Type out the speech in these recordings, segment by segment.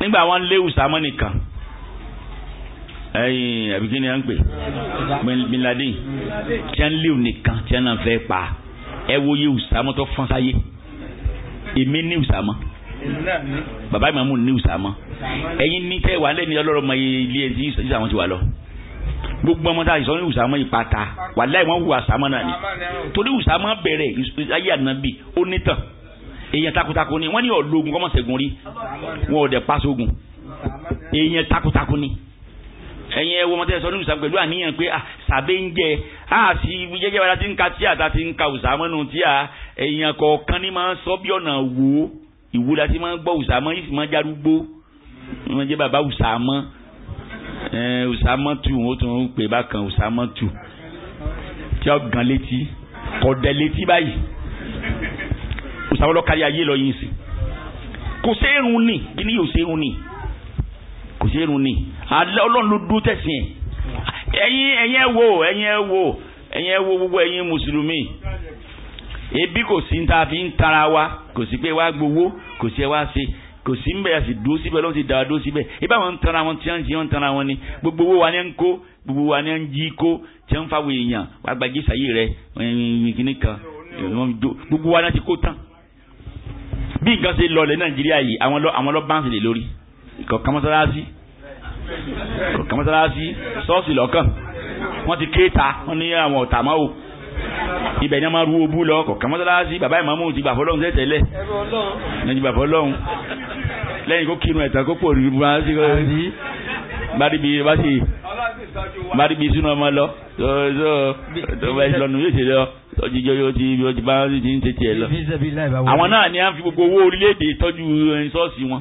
nígbà wọn léwu sàmọ́ nìkan ẹyin àbíkí ni à ń pè bin laden tí a ń léwu nìkan tí a náà fẹ́ pa ẹ wo yé usama tó fọ́n sáyé èmi ní usama baba imamu ní usama ẹyin ní tẹ́ wà lẹ́ni ọlọ́rọ̀ mọ ilé ẹ̀ tí usama ti wà lọ gbogbo ọmọ tá a sọ ní usama yìí pata wàláì wọn wù usama náà ni torí usama bẹ̀rẹ̀ ayé ànábì ó nítàn èèyàn takuntakun ni wọ́n ní ọ̀lọ́gun kọ́mọ̀ ṣẹ́gun rí wọn ò dẹ̀ paṣogun èèyàn takuntakun ni ẹ̀yin ẹ̀ wọ́n mọ̀tẹ́ sọ nínú ìsàpẹ̀lú àníyàn pé sàbẹ̀ ń jẹ a sì jẹ́jẹ́ wa ti ń ka tíà ta ti ń ka òsàmọ́nù tíà èèyàn kọ̀ọ̀kan ní máa ń sọ bí ọ̀nà wo ìwo la ti máa ń gbọ́ òsàmọ́ yìí sì máa ń jarúgbó wọ́n jẹ́ bàbá òsàmọ́ òsàmọ́ tù wọ́n tún ń pè bákan òsàmọ́ tù tí ó létí kọ̀dẹ̀ létí báyìí òsàwọn lọ́kàrí ayé lọ yín sí kò séèrún ni kí ni yóò séèrún ni kò séèrún ni alẹ́ ọlọ́run ló dúró tẹ̀sìn ẹ̀yin ẹ̀yin ẹ̀ ẹ̀yin ẹ̀ ẹ̀yin ẹ̀ gbogbo ẹ̀yin mùsùlùmí ebi kò sí ta fi ń tara wa kò sí pé wá gbowó kò sí ẹ wá ṣe kò sí mbẹ́ àti dúró síbẹ̀ ló ti dàwọ́ dúró síbẹ̀ ibà wọn ń tara wọn tí wọn ti ń tara wọn ni gbogbo owó wa ni ń kó gbogbo wa ni ń jí kó tí wọn fa wo èèyàn wàá gbàgbé sàyè rẹ kìnnìkan gbogbo wa ni wọn ti kó tán bí nǹkan ṣe lọlẹ̀ nàìjíríà yìí àwọn lọ àwọn lọ báǹsì lè lórí kọ̀ọ̀kan mọ́sálásí kọ̀ọ̀kan mọ́sálásí ṣọ́ọ̀ṣì lọ́kàn wọ́n ti ké ta wọ́n ní àwọn ọ̀tà máa wò ibẹ̀ ni a máa ru obú lọ kọ̀ọ̀kan mọ́sálásí bàbá ìmáàmù ti gbà fọlọ́hún tẹ́tẹ́lẹ̀ lẹ́yìn gbà fọlọ́hún lẹ́yìn kó kírun ẹ̀tàn kó pòrí bu maribi bá sì maribi sínú ọmọ lọ tó tó bá ṣe lọnu yóò ṣe lọ tọ́jú yóò ti yóò ti bá ti ń tètè ẹ lọ. àwọn náà ni à ń fi gbogbo owó orílẹ̀-èdè tọ́jú ṣọ́ọ̀ṣì wọn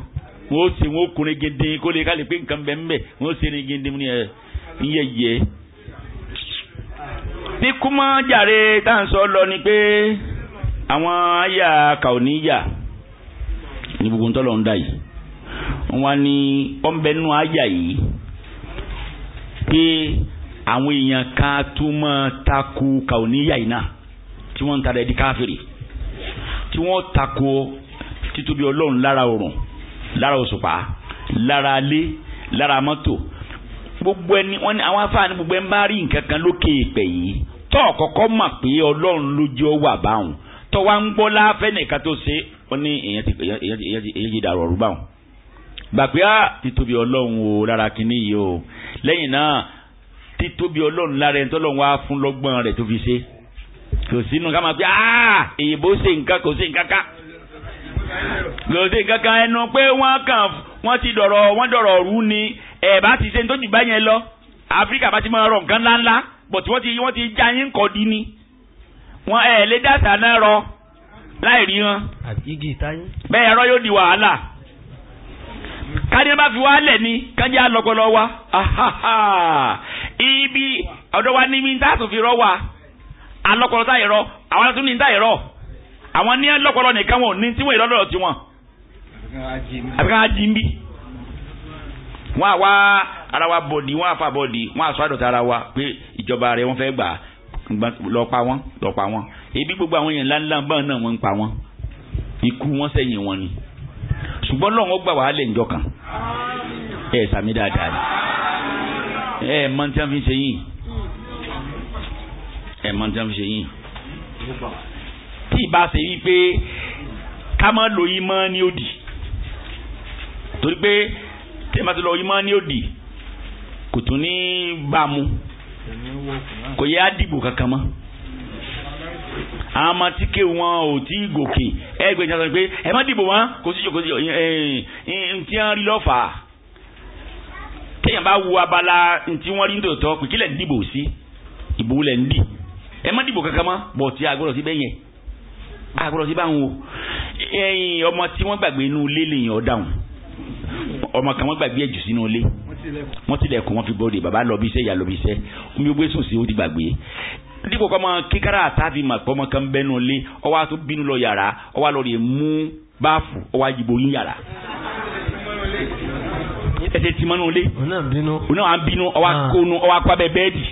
wọn ó ṣe wọn ó kùnrin gidi kó lè ká lè pé nǹkan bẹ́ẹ̀ mbẹ́ wọn ó ṣe ní gidi ní ẹ yẹyẹ. bí kúmọ́ jàre tá à sọ lọ ni pé àwọn àyà kàóníyà ní gbogbo ń tọ́lọ̀ ń dà yìí wọ́n wá ní ọ̀nbẹ́nu àyà yìí pé àwọn èèyàn kan tún máa takò kàóníyà iná tí wọ́n ń tara ẹ̀dí káfìrí tí wọ́n takò títóbi ọlọ́run lára òrùn lára òṣùpá lára alé lára mọ́tò gbogbo ẹni wọ́n ní àwọn afáàní gbogbo ẹni bá rí nǹkan kan lókè ìpè yìí tọ́ ọ̀kọ́kọ́ mà pé ọlọ́run lójú ọ wà báwọn tọ́ wa ń gbọ́ láfẹ́ nìkan tó ṣe ó ní èèyàn ti dàrọ̀ ọ̀rùn báwọn gbàgbé á ah, títóbi ọlọ́run o lára kínní yìí o lẹ́yìn náà títóbi ọlọ́run lára ẹni tọ́lọ́run wá fún lọ́gbọ́n rẹ̀ tó fi ṣe kò sínú ká máa pé aa ah, èyìnbó ṣe nǹkan kò ṣe nǹkan ká kò ṣe nǹkan kan ẹnu pé wọ́n kàn wọ́n ti dọ̀rọ̀ wọ́n dọ̀rọ̀ rú ni ẹ̀ bá ti ṣe nítorí bá yẹn lọ áfíríkà bá ti máa rọ nǹkan ńláńlá bọ̀tí wọ́n ti wọ́n ti já yín kọ́ di ni wọ́n ẹ̀ lé dàtà náà rọ láì rí wọn. àti igi bẹ́ẹ̀ ẹ̀rọ yóò di wàhálà kájẹ́ bá fi wá lẹ̀ ni kájẹ́ alọ́pọlọ wa ibi ọ̀dọ́ wa níbi tá a tún fi rọ́ wa alọ́pọlọ tá ìrọ́ àwọn atún ní tá ìrọ́ àwọn ní alọ́pọlọ nìkan wọn ní tí wọ́n ìrọ́lọ́rọ̀ tí wọ́n àbíká jí ń bí wọ́n àwa ara wa bọ̀dì wọ́n àfa bọ̀dì wọ́n àṣọ àdọ̀tà ara wa pé ìjọba rẹ̀ wọ́n fẹ́ gbà lọ pa wọ́n lọ pa wọ́n ebi gbogbo àwọn yẹn ńláńlá báwọn náà wọ́n ń pa wọ́n ikú wọn sẹ́yìn wọn ni ṣùgbọ́n lọ́wọ́ gbà wàá lè njọ kan ẹ sàmì dáadáa ni ẹ mọ tí wọn fi ṣe yín ẹ mọ tí wọn fi ṣe yín tí ìbá ṣe yí pé ká má lo yín mọ́ ní òdì torí pé tí ẹ má ti lọ yín mọ́ ní òdì kò tún ní bá a mú kò yẹ á kankan mọ́ àwọn ọmọ tí ké wọn ò tí ì gòkè ẹgbẹ́ ìjà sọ pé ẹ má dìbò wọn kò sí jòkó ntí wọn rí lọ́fà téèyàn bá wo abala ntí wọn rí nítòótọ́ pé kílẹ̀ ń dìbò sí ìbò lẹ̀ ń dì ẹ má dìbò kankan mọ́ bọ̀ tí agbọ́dọ̀ sí bẹ́yẹn agbọ́dọ̀ sí bá ń wo ẹyin ọmọ tí wọ́n gbàgbé inú ilé lèyàn ọ̀dáhùn ọmọ kan wọ́n gbàgbé ẹ̀jù sínú ilé wọ́n tilẹ̀kùn wọ́n fi bọ́ọ̀dì bàbá lọ bí iṣẹ́ ìyá lọ bí iṣẹ́ omi ó sí ó ti gbàgbé dípò kọ́ ọmọ kíkárà àtàfi mà pọ́ ọmọ kan bẹ́nu lé ọwọ́ àti bínú lọ yàrá ọwọ́ àlọ́ rẹ̀ mú báàfù ọwọ́ àjìbò yín yàrá. ẹsẹ̀ tí mọ́nú lé òun náà bínú ọwọ́ àkóónú ọwọ́ àkó abẹ́ bẹ́ẹ̀dì.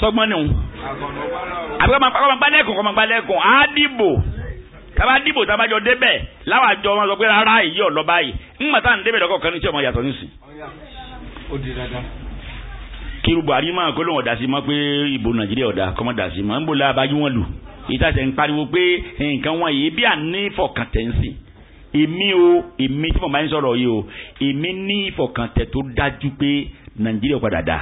sọgbọ́n ni òun àbí kọ́ máa gbálẹ́kùn kọ́ máa gbálẹ́kùn á dìbò tàbá dìbò tàbá jọ débẹ̀ láwọn àjọ wọn sọ pé rárá èyí ọ̀ lọ báyìí ńgbà tá à ń débẹ̀ lọ́kọ̀ọ́kan ní tí ọmọ yàtọ̀ nísìn. ó kí Buhari máa kó lóun ọ̀dà sí mọ́ pé ìbò Nàìjíríà ọ̀dà kọ́mọ́ dà sí mọ́ ń bò la abájú wọn lù ìtajà ń pariwo pé nǹkan wọn yìí bí àní ìfọkàntẹ́ǹsì èmi o èmi tí mo máa ń sọ̀rọ̀ yìí o èmi ní ìfọkàntẹ́ tó dájú pé Nàìjíríà padà dà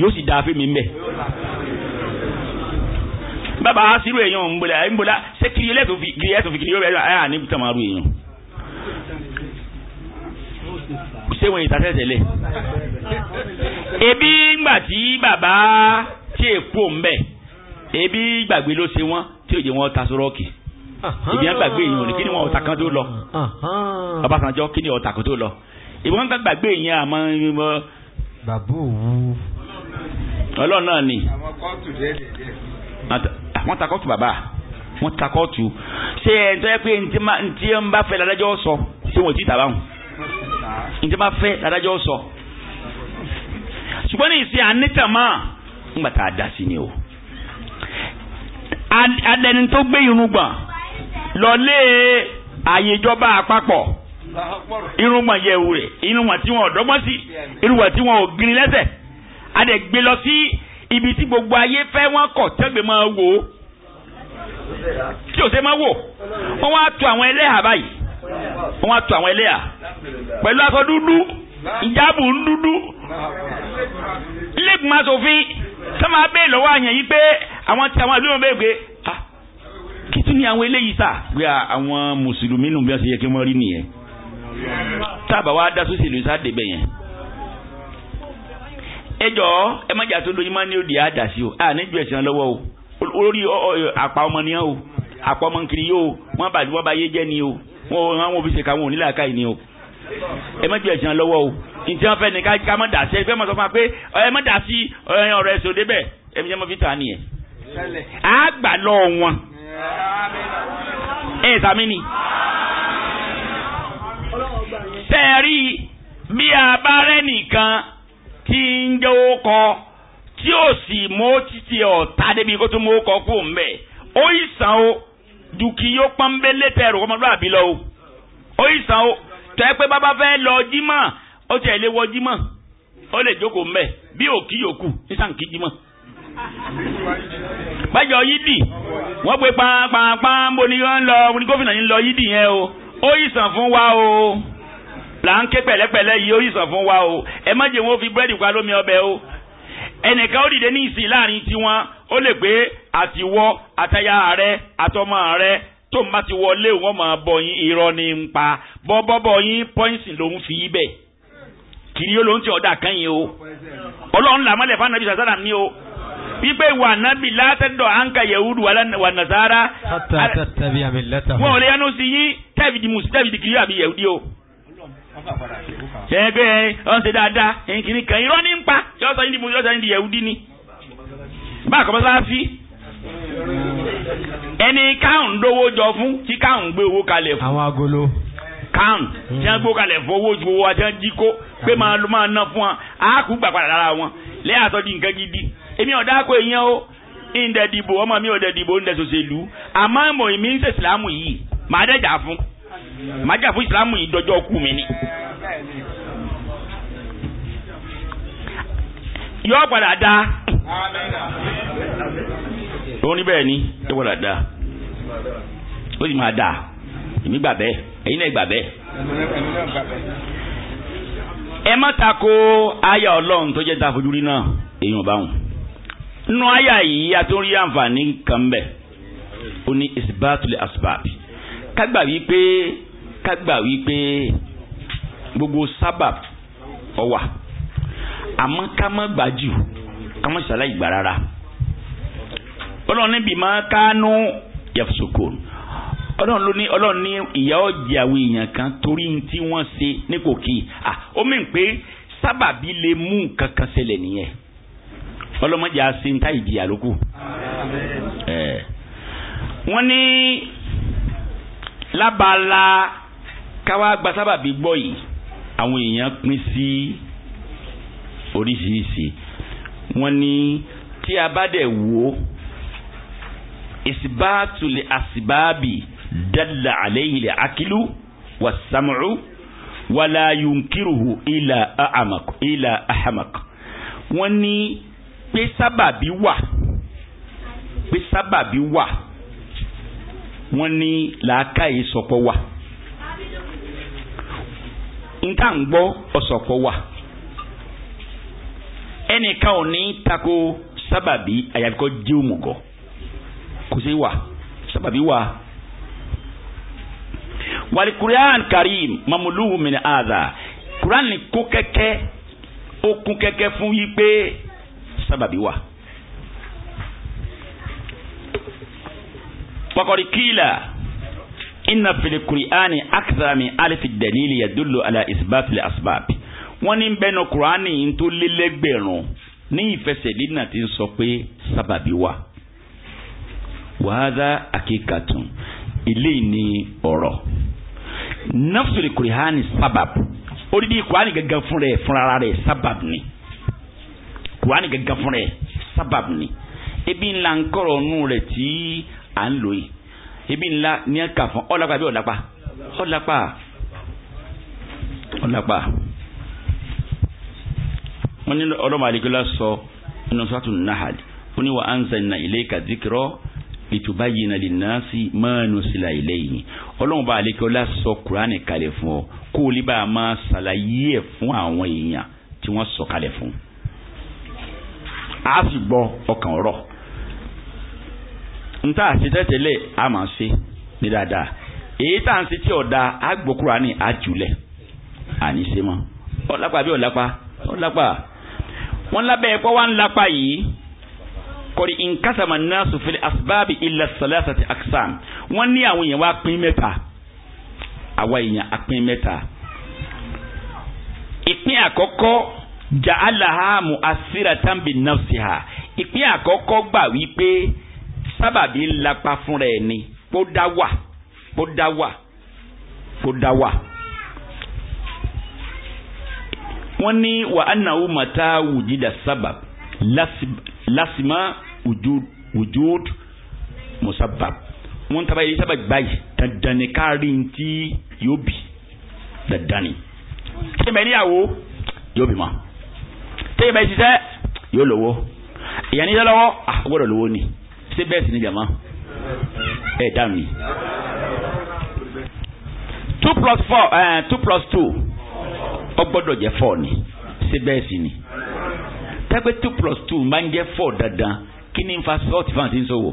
yóò sì dáa fún mi mbẹ bàbá sírò èèyàn ń bò la ń bò la ṣé kiri ẹ̀ tó fi kiri ẹ̀ tó fi kiri yóò bẹ̀rẹ̀ ẹ̀ à ní èèyàn ṣé wọn ìta tẹ̀tẹ̀lẹ̀. ebi ngbà tí bàbá tí èkó ń bẹ̀ ebi gbàgbé ló ṣe wọ́n tí ò jẹ́ wọn ta sọ́rọ́ọ̀kì ebi wọn gbàgbé yìí òní kí ni wọn ọ̀tà kan tó lọ Ọbásanjọ́ kí ni ọ̀tà kan tó lọ ebi wọn gbàgbé yìí àmọ́ bàbá òwú. ọlọ́run náà ni wọ́n ta kóòtù bàbá wọ́n ta kóòtù ṣé ẹ̀ ń tọ́ yẹ pé ntí ń bá fẹ́ ládájọ́ sọ ṣé wọ́n ti tà báwọn njẹ́ bá fẹ́ adájọ́ sọ ṣùgbọ́n ní ìsìn anítàmọ́ ńgbà tá a dá sí ni o adẹni tó gbé irùngbọ̀n lọlé ààyè ìjọba àpapọ̀ irùngbọ̀n yẹ wúre irùngbọ̀n tí wọn ò dọ́gbọ́n sí irùngbọ̀n tí wọn ò giri lẹ́sẹ̀ adẹ̀gbé lọ sí ibi tí gbogbo ayé fẹ́ wọn kọ̀ tẹ́gbẹ̀ máa wò ó tí ò sẹ́ máa wò wọ́n wá tu àwọn ẹlẹ́hàá báyìí wọ́n á tu àwọn ẹlẹ́yà pẹ̀lú aṣọ dúdú ìjáàbù dúdú lẹ́gbọ̀n aṣòfin sọ́mà bẹ́ẹ̀ lọ́wọ́ àyàn yìí pé àwọn tí àwọn àdúgbò bẹ́ẹ̀ gbé kí tún ni àwọn eléyìí sà pé àwọn mùsùlùmí nù bí wọ́n ṣe yẹ kí wọ́n rí nìyẹn tábà wá dá sóṣèlú sáà débẹ̀ yẹn ẹ jọ̀ọ́ ẹ má jà tó lóyún má ní òdì àdá o àní ju ẹ̀sìn lọ́wọ́ o olórí àpá ọmọ nìyẹn o àpá ọmọ nkiri yìí o wọ́n bá yé jẹ́ ni o wọn àwọn òbí ṣèkà wọn ò nílà káyìí ni o ẹ má jẹ ẹ̀sìn lọ́wọ́ o ntí wọn fẹ́ ni ká má dà sí ẹgbẹ́ mọ̀ sọ fún wa pé ẹ má dà sí ọ̀rọ̀ ẹ̀sìn òde bẹ́ẹ̀ ẹ mi jẹ́ mọ́ fi tà nìyẹn. a gbà lọ wọn ẹ sàmì ni. tẹ̀rí bí a bá rẹ́ nìkan tí ń jẹ́ ó kọ tí ó sì mú títí ọ̀tá débi kó tó mú kọ kú òun bẹ́ẹ̀ ó ì sàn ó dùkì yóò pọ́nbélé tẹ ẹ̀rọ ọmọlúwàbí lọ o ó yìí sàn o tọ́ ẹ pé bàbá fẹ́ lọ jímọ̀ ó tiẹ̀ lé wọ jímọ̀ ó lè jókòó mbẹ bí òkì yòókù nísàn kí jímọ̀. bájọ yídì wọ́n pe pàápàá bó ni wọ́n lọ bó gómìnà yìí lọ yídì yẹn o ó yìí fún wa o là ń ké pẹ̀lẹ́pẹ̀lẹ́ yìí ó yìí fún wa o ẹ má jẹ́ wọn fi búrẹ́dì pa lómi ọbẹ̀ o ẹnìkan ó dìde ní ìsìn láàrin tiwọn ó lè gbé àtiwọ́ àtayá rẹ àtọmọ rẹ tó ń bá ti wọlé wọn máa bọ yín irọ́ ní ń pa bọ́bọ́bọ́ yín pọ́ìnsì ló ń fi í bẹ̀ kìí yóò ló ń ti ọ̀dà kan yìí o ọlọ́run là mọ́lẹ̀ fún anabi sàdánà ni o wípé wà nábì látẹ̀dọ̀ ànkà yahudu wà nàzàrà wọn ò lè yánú sí yín tẹ́bi di mùsùlùmí tẹ́bi di kìí àbí yahudi o ṣẹ́gbẹ́ ọ̀n ṣe dáadáa ẹ̀yìn kìíní kan irọ́ ní ń pa yọ́sọ̀ yín di mùsùlùmí yọ́sọ̀ yín di yahudi ni báàkọ́ bá sáà fi ẹni káwọn lówó jọ fún tí káwọn gbé owó kalẹ̀ fún. àwọn agolo. káwọn tí wọn gbé owó kalẹ̀ fún owó ju owó wa tí wọn jí kó pé máa ló máa ná fún wa á kú gbà padà lára wọn lẹ́yìn àtọ́jú nǹkan gidi èmi ọ̀dà kó èèyàn o ìǹdẹ̀ dìbò ọmọ mi ọ̀dẹ̀ dìbò ǹdẹ̀ sòṣèlú àmọ́ ìmọ̀ èmi ń ṣe ìsìlámù yìí màá dẹ̀jà fún màá jà fún ìsìlámù yìí dọjọ́ kú mi ni. yọ padà dá òun níbẹ̀ ni ẹ wọ́n dà ó sì máa dà èmi gbà bẹ́ẹ̀ ẹ̀yin náà gbà bẹ́ẹ̀. ẹ má tako aya ọlọ́run tó jẹ́ ta fojú rí náà èèyàn bá wọn. nínú aya yìí a tún rí àǹfààní kan bẹ̀ ó ní ìsìbátulẹ̀ àsìbáàbì kágbà wípé kágbà wípé gbogbo sábàb ó àmọ́ ká má gbájú ká má ṣàlàyé gbà rárá ọlọ́run níbi máa kánú yafusoko ọlọ́run ló ní ọlọ́run ní ìyà ọ̀jẹ̀ àwọn èèyàn kan torí tí wọ́n ṣe ní kò kí à ó mìn pé sábàbí lè mú nǹkan kan ṣẹlẹ̀ nìyẹn ọlọ́mọdé àṣẹ ń ta ìjìyà wọ́n ní lábala káwá gba sábàbí gbọ́ yìí àwọn èèyàn pín sí oríṣiríṣi wọ́n ní tí a bá dẹ̀ wò ó isbaatu li asbaabi dalla alayhi li akilu wa sam'u wala yunkiruhu ila ahamak ila ahamak wọ́n ní pé sábàbí wà pé sábàbí wà wọ́n ní làákàyè sọpọ wà nta ń gbọ́ ọsọpọ wà ẹnìkan ò ní tako sábàbí àyàfikọ jẹ́ òmùgọ̀ kò sí wà sábàbí wà. wàlí kur'an karim mamuluhu min aza kur'an ni kó kẹ́kẹ́ ó kún kẹ́kẹ́ fún yí pé sábàbí wà. wakọ̀rí kíìlà inna fili kur'ani akthara min alifi dalili yadullu ala isbat li asbab wọ́n ní bẹ́ẹ̀ ni kur'ani tó lélẹ́gbẹ̀rún ní ìfẹsẹ̀lẹ́nà ti ń sọ pé sábàbí wàhádà àkíkàtún ilé ìní ọ̀rọ̀ nafsiri kurihani sábàb odidi kurani gangan fún rẹ fúnra rẹ sábàb ni kurani gangan fún rẹ sábàb ni ebi ńlá nkọrọ nù rẹ tí à ń lò yìí ebi ńlá ní ẹka fún ọlápá bí ọlápá ọlápá ọlápá wọn ní ọlọmọ àdìgbò sọ nínú sọtún nahal ó ní wa anzalna ilayka dhikra litubayina linnaasi ma nusila ilayhi ọlọ́run bá alekola sọ kuraani kalẹ̀ fún ọ kó o lè bá a máa ṣàlàyé ẹ̀ fún àwọn èèyàn tí wọ́n sọ kalẹ̀ fún. a sì gbọ́ ọkàn ọ̀rọ̀ n ta àti tẹ́tẹ́lẹ̀ a máa ṣe ní dáadáa èyí tá à ń ṣe tí ọ̀dà a gbọ́ kuraani a jùlẹ̀ àní ṣe mọ́ ọ̀lápá bí ọ̀lápá ọ̀lápá wọn lábẹ́ ẹ̀kọ́ wa ń lápá yìí kọ́ni nkásàmà náàsù fil asbábì ilẹ̀ sàlẹ́sàtì aksam wọ́n ní àwọn èèyàn wá pín mẹ́ta àwa èèyàn á pín mẹ́ta. ìpín àkọ́kọ́ jà aláhàmù asíra tàbí nàfsìhà ìpín àkọ́kọ́ gbà wípé sábàbí ńlapa fúnra ẹ̀ ni kó dá wà kó dá wà kó dá wà wọ́n ní wà á nà wùjí dà sábà lásìmá wujud musabab wọn taba yìí sábà gbà yìí dandan ni káàrí ntí yóò bì dandan ni tẹ́yìn bá níyàwó yóò bì mọ́ tẹ́yìn bá ṣiṣẹ́ yóò lówó ìyànní yóò lọ́wọ́ ni ṣé bẹ́ẹ̀ sì ni jàmá ẹ̀ mi. two plus four uh, two plus two ọgbọ́dọ̀ jẹ́ four ni ṣé bẹ́ẹ̀ sì ni two plus two máa ń jẹ́ four dandan kí ni nfa sọ́ọ̀tì fáwọn tí ń sọ̀wọ́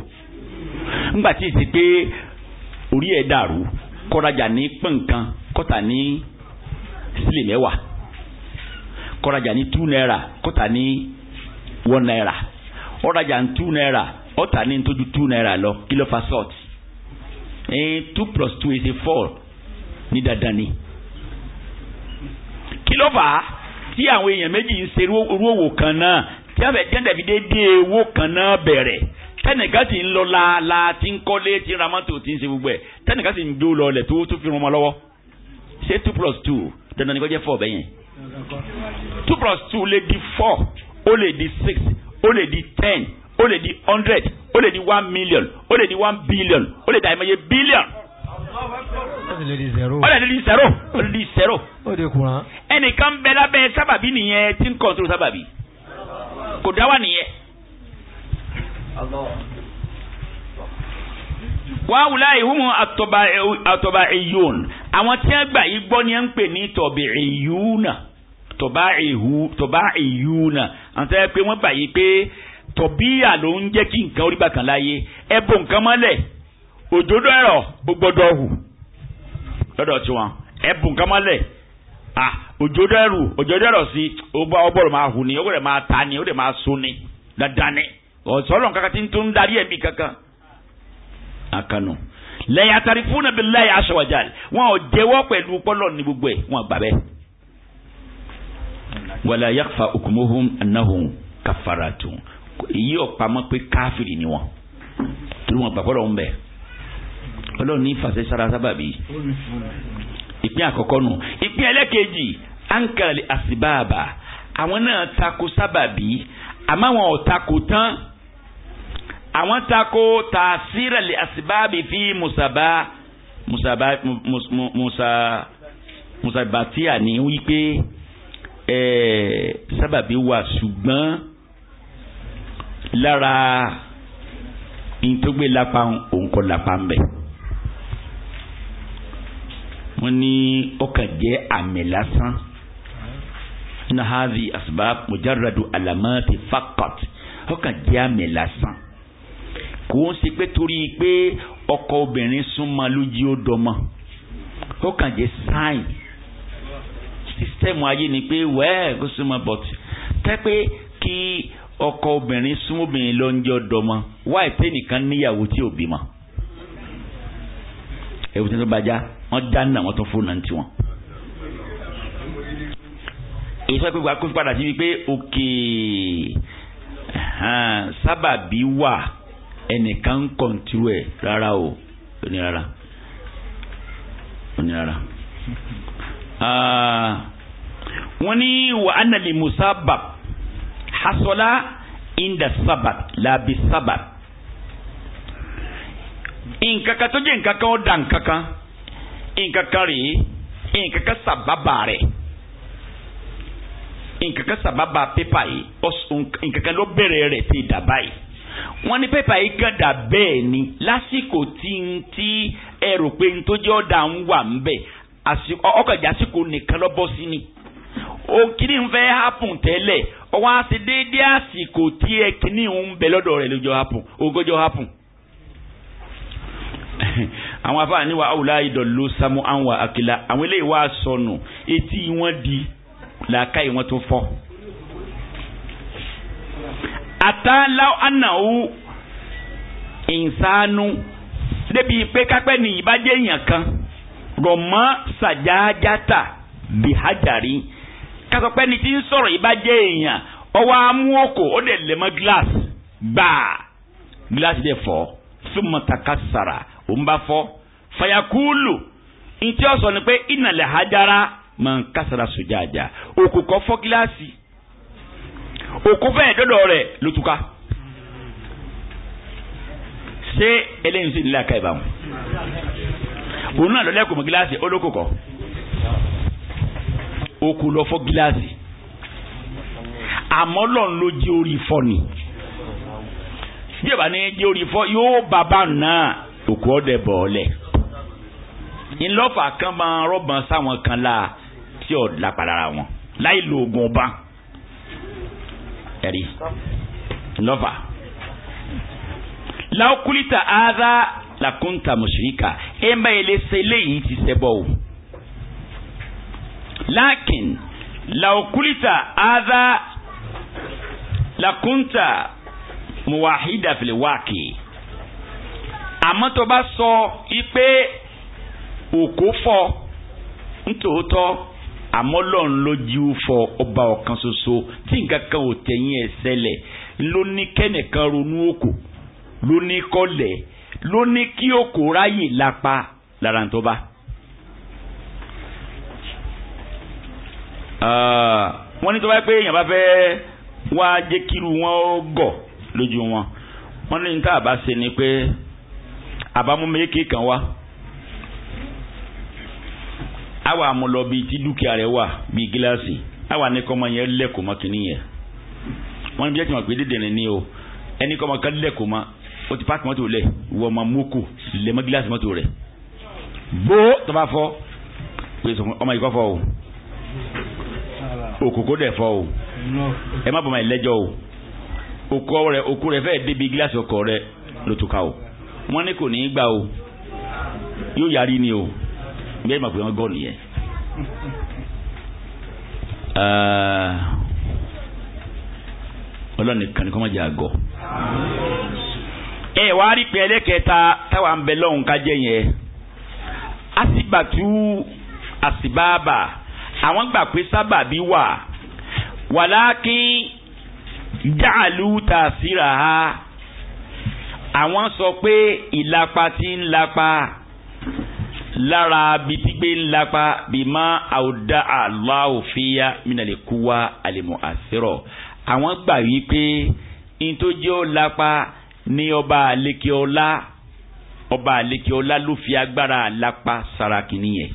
ńgbà tí ì sí pé orí ẹ̀ dàrú kọ́rajà ní pọ̀nkan kọ́ta ní sílẹ̀ kọ́rajà ní two naira kọ́ta ní one naira ọ̀rajà ní two naira ọ̀tà ní tójú two naira lọ kí ló fa sọ́ọ̀tì ee two plus two is four ní dandan ni kí ló fà á tí àwọn èèyàn méjì ń ṣe irú òwò kan náà tí wọ́n fẹ́ jẹ́ dàbí déédéé owó kan náà bẹ̀rẹ̀ tẹnìkan ti ń lọ laala ti ń kọ́lé ti ń ra mọ́tò ti ń ṣe gbogbo ẹ̀ tẹnìkan ti ń dó lọ lẹ̀ tó tó fi ràn wọn lọ́wọ́ ṣé two plus two dandan ni kò jẹ́ four bẹ́ẹ̀ yẹn two plus two lè di four ó lè di six ó lè di ten ó lè di hundred ó lè di one million ó lè di one billion ó lè di àìmọye billion. ó lè di zero. ó lè di zero. ó lè di zero. ó lè di kuran. ẹnìkan bẹ lábẹ́ sábàbí nìyẹn tí ń kọ́ńtò sábàbí kò dá wà nìyẹn. wàá wùlá ìhùmù àtọ̀bà ìyún àwọn tí wọ́n gbà yí gbọ́ ni wọ́n ń pè ní tọ̀bì ìyún tọ̀bà ìyún àwọn tí wọ́n pè wọ́n gbà yí pé tọ̀bíyà ló ń jẹ́ kí nǹkan orí bàkàn láyé ẹ nǹkan mọ́lẹ̀ òjòdó ẹ̀rọ ó gbọ́dọ̀ hù lọ́dọ̀ tiwọn ẹ nǹkan mọ́lẹ̀ òjò dẹrù òjò dẹrọ sí ọba ọbọrọ máa hù ní ó dẹ máa ta ni ó dẹ máa sun ni dandan ni ọsọlọ kankan tí ń tún darí ẹmí kankan akànnù lẹ́yìn atari fún nàbí lẹ́yìn aṣọwájà wọn ò jẹ́wọ́ pẹ̀lú pọlọ ní gbogbo ẹ wọn gbà bẹ́ẹ̀. wàlá yàgfà okùnmóhùn anáhùn kàfàrà tún èyí ọ̀pamọ́ pé káfìrì ni wọn torí wọn gbàgbọ́dọ̀ ìpín àkọ́kọ́ nù ìpín ẹlẹ́kejì ankali asibaba àwọn náà tako sábàbí àmọ́ àwọn ò tako tán àwọn tako taasira li fi musaba musaba musa musa musabatia ni wípé ẹẹ sábàbí wà ṣùgbọ́n lára ntọ́gbé lápá òǹkọ lápá ń bẹ̀ wọ́n ní ọkàn jẹ́ àmì lásán na hadhi asbab mujarradu alamati faqat ó kàn jẹ́ àmì lásán kò ń ṣe pé torí pé ọkọ obìnrin súnmọ́ ló jí ó dọmọ ó kàn jẹ́ sáìn sísítẹ́ẹ̀mù ayé ni pé wẹ́ẹ̀ kó súnmọ́ bọ̀t tẹ́ pé kí ọkọ obìnrin súnmọ́ obìnrin ló ń jọ dọmọ wáì pé nìkan níyàwó tí ò bímọ ẹ̀wù tí bá já wọ́n dáná wọ́n tún fún tiwọn èyí sọ pé wàá kó padà sí wípé òkè sábàbí wà ẹnìkan ń kọ̀ǹtírú ẹ̀ rárá o ní rárá wọ́n ní wà á nà lè mú sábà hasola inda sábà labi sábà nǹkankan tó jẹ́ nǹkankan ó da nǹkankan nǹkankan rèé nǹkankan sábàbà rẹ̀ nǹkan kan sábàbà pépà yìí nǹkan kan ló bẹ̀rẹ̀ rẹ̀ ti dà báyìí wọ́n ní pépà yìí kan dà bẹ́ẹ̀ ni lásìkò tí n tí ẹ rò pé n tó jẹ́ ọ̀dà ń wà ń bẹ̀ ọkọ̀ ìjásíkò nìkan lọ́ bọ́ sí ni òkìní ń fẹ́ hápùn tẹ́lẹ̀ ọwọ́ á ti déédé àsìkò tí ẹ kìíní ń bẹ lọ́dọ̀ rẹ̀ lójó hápùn ogójó hápùn. àwọn afáàní wa àwùlá ìdọ̀lú samu àwọn àkìlá àwọn eléyìí wá sọnù etí wọn di làákàyè wọn tó fọ́. Ata ànàwó ìsánú débi pé kápẹ́ ní ìbàjẹ́ èèyàn kan rọ̀mọ́ sàjájáta bìhájàrí kásọpẹ́ ni tí ń sọ̀rọ̀ ìbàjẹ́ èèyàn ọwọ́ amú ọkọ̀ ó dẹ̀ lẹ́mọ́ gíláàsì gbàá gíláàsì dẹ̀ fọ́ súnmọ́tàkà sàrà ó ń bá fọ́ fàyàkúlù ntí ọ̀sọ̀ ni pé ìnàlẹ̀ hajara man kásara sojaaja òkú kọ́ fọ́ gíláàsì òkú fẹ́ẹ̀ dọ́dọ̀ rẹ̀ ló túká ṣé eléyìí sì nílẹ̀ aka ìbámu òun náà lọ́lẹ́kùn mọ́ gíláàsì olóko kọ́ òkú lọ fọ́ gíláàsì àmọ́ lọ́n ló jẹ́ orí fọ́ ni bí ẹ bá ní jẹ́ orí fọ́ yóò bàbá náà òkú ọ̀dẹ̀ bọ̀ ọ́ ńlọ́fà kan máa rọ́bàn sáwọn kan láà tí ò lápalára wọn láì lo oògùn ọba ẹ̀rí lọ́fà láòkúlítà áádá làkúntà mùsùlùmíkà ẹ má ilé ṣe eléyìí ti ṣẹbọ o lákìn láòkúlítà áádá làkúntà muwahida filiwaki àmọ́ tó bá sọ ipe òkú fọ́ nítòótọ́ àmọ́ lọ́run ló jíwú fọ ọba ọ̀kan ṣoṣo tí nǹkan kan ò tẹ̀yìn ẹ̀ ṣẹlẹ̀ ló ní kẹ́nìkan ronú òkò ló ní kọ́lẹ̀ ló ní kí òkò ráyè lápá lára ń tọ́ba. wọ́n ní tọ́ba pé èèyàn bá fẹ́ wá jẹ́ kíru wọn ó gọ̀ lójú wọn wọ́n ní ní tá ṣe ni pé àbámu méjèèké kan wá. Awa mú lọ bíi tí dúkìá rẹ̀ wà bíi gíláàsì àwa ní kọ́mọ yẹn lẹ́kọ̀ọ́ mọ́ kìíní yẹn wọ́n ní bí ẹ ti mọ̀ pé dídìrín ni o ẹni kọ́mọ kan lẹ́kọ̀ọ́ mọ́ o ti páàkì mọ́tò lẹ̀ wọ́n máa mú kù lẹ́mọ́ gíláàsì mọ́tò rẹ̀ bó tó bá fọ́ pé ọmọ yìí kọ́ fọ́ o òkòkò dẹ̀ fọ́ o ẹ má bọ̀ máa o òkò rẹ̀ òkò rẹ̀ fẹ́ẹ́ débi gíláàsì ọkọ̀ rẹ̀ ló o wọ́n ní kò ní í o yóò yarí ni o bẹ́ẹ̀ ma pè wọ́n gọ́ nìyẹn. Eh, ọlọ́run nìkan ni kọ́ máa jẹ́ àgọ́. ẹ wá rí pé ẹlẹ́kẹta táwa ń lọ́hùn ká jẹ́ yẹn asibatu asibaba àwọn gbà pé sábàbí wà wàlákín jàlú tàṣírà ha àwọn sọ pé ìlapa ti ń lapa lára bí ti bima lápá bí má àwùdá aláwòfíà mìnàlẹ̀ kú wá àlèmọ̀ àṣírọ̀ àwọn gbà wípé ntójó lápá ní ọba àlékeọlá ọba àlékeọlá ló fi agbára lápá saraki nìyẹn